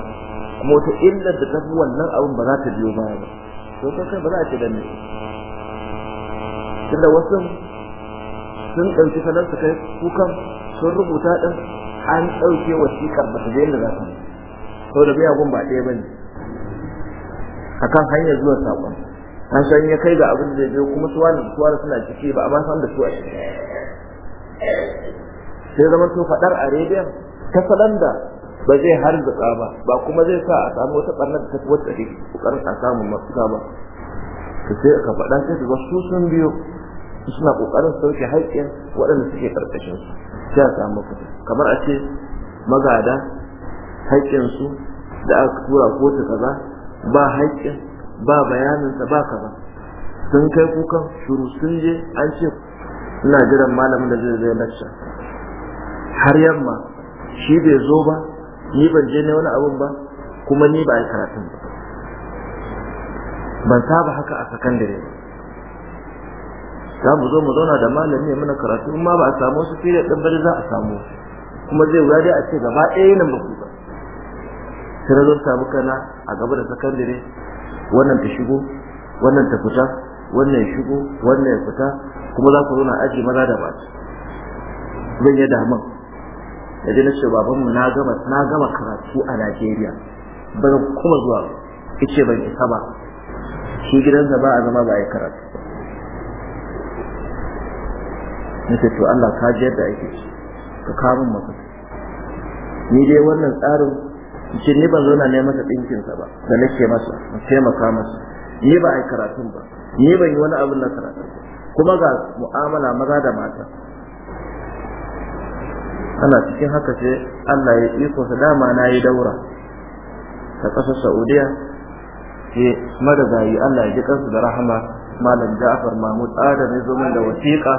S1: kuma wata illar da ta fi wannan abin ba za ta biyo ba ba to kan kai ba za a ce da ne tunda wasu sun ɗauki salon su kai kukan sun rubuta ɗin an ɗauke wasiƙar ba ta je yadda za ta yi saboda miyagun ba ɗaya ba ne a kan hanyar zuwa saƙon an san ya kai ga abin da zai biyo kuma su wani suna ciki ba a ma san da su a sai zama to faɗar arabia ta salon da ba zai da ba ba kuma zai sa a samu wata ɓarnar da ta ci wata dake ƙoƙarin a samu mafita ba Ka sai ka faɗa sai ka ga su sun biyo suna ƙoƙarin sauke haƙƙin waɗanda suke ƙarƙashin su sai a samu mafita kamar a ce magada haƙƙinsu da aka tura kotu kaza ba haƙƙin ba bayaninsa ba ka ba sun kai kukan shuru sun je an ce ina jiran malamin da zai zai lacca har yamma shi bai zo ba ni ban je ne wani abun ba kuma ni ba yi karatun ba ban saba haka a sakandare ba za mu zo mu zauna da malami ya muna karatu in ma ba a samu su fiye da bari za a samu kuma zai wuya dai a ce gaba ɗaya nan mu ku ba sai na zo samu kana a gaba da sakandare wannan ta shigo wannan ta fita wannan ya shigo wannan ya fita kuma za ku zo na aji maza da mata zan yi daman da ji na ce babanmu na gama na gama karatu a Najeriya ba zan kuma zuwa ba ce ban isa ba shi gidansa ba a zama ba a yi karatu na ce to Allah ka ji yadda ake ci ka kawo maka ni dai wannan tsarin cikin ni ban zo na nema masa ɗinkin sa ba da nake masa mu taimaka masa ni ba ai karatun ba ni ban yi wani abin na karatu kuma ga mu'amala maza da mata ana cikin haka ce Allah ya iko sa dama na yi daura ta ƙasar Saudiya ke marigayi Allah ya ji kansu da rahama Malam Ja'far Mahmud Adam ya zo min da wasiƙa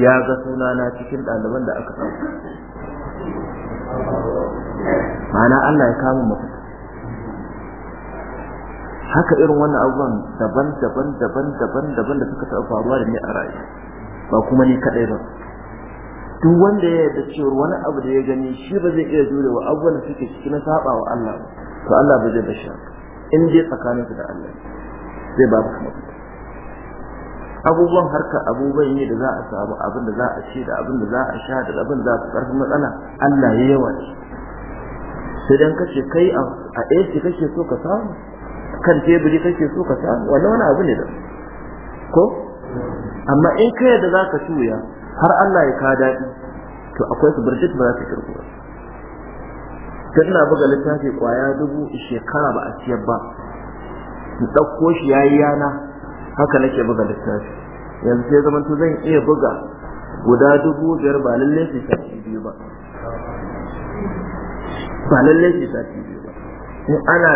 S1: ya ga sunana cikin ɗaliban da aka samu. ma'ana Allah ya kama mafita haka irin wannan abubuwan daban daban daban daban daban da suka taɓa faruwa da ni a rayuwa ba kuma ni kaɗai ba duk wanda ya yarda cewa wani abu da ya gani shi ba zai iya wa abubuwan da suke ciki na saba wa Allah to Allah ba zai bashi in dai tsakaninsu da Allah zai ba ka mafita abubuwan harka abubuwan yi da za a samu abin da za a ci da abin da za a sha da abin da za a karfin matsala Allah ya yawa sai dan kace kai a ce kake so ka samu kan teburi kake so ka samu wannan wani abu ne da ko amma in kai da zaka tuya har Allah ya ka daɗi to akwai su burjit ba za ta kirku ba ina buga littafi kwaya dubu shekara ba a ciyar ba ki dauko shi ya yana haka nake buga littafi yanzu sai zaman zan iya buga guda dubu biyar ba lallai su shafi biyu ba ba lalle shi sati biyu ba in ana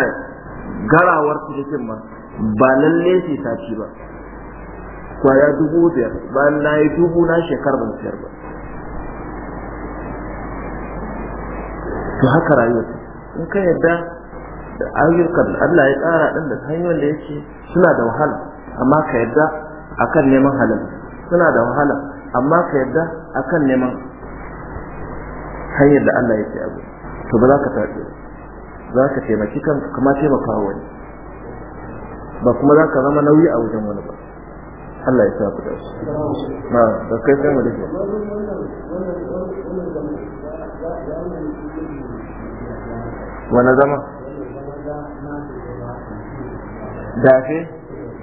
S1: garawar cinikin ma ba lalle shi sati ba kwaya dubu biyar bayan na yi dubu na shekar ban siyar ba to haka rayuwar in ka yarda da ayyukan Allah ya tsara din da hanyoyin da yake suna da wahala amma ka yarda akan neman halal suna da wahala amma ka yarda akan neman hanyar da Allah ya ce abu to ba za ka tafi za ka taimaki kan kuma taimaka wani ba kuma za ka zama nauyi a wajen wani ba Allah ya sa ku
S2: da su ma da kai sai mu da wani zama dafe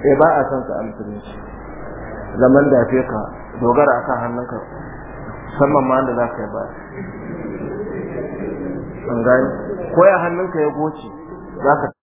S1: e ba a san sa a zaman dafe ka dogara akan hannunka musamman ma da za ka yi ba
S2: sun gani ko ya hannunka ya goce zaka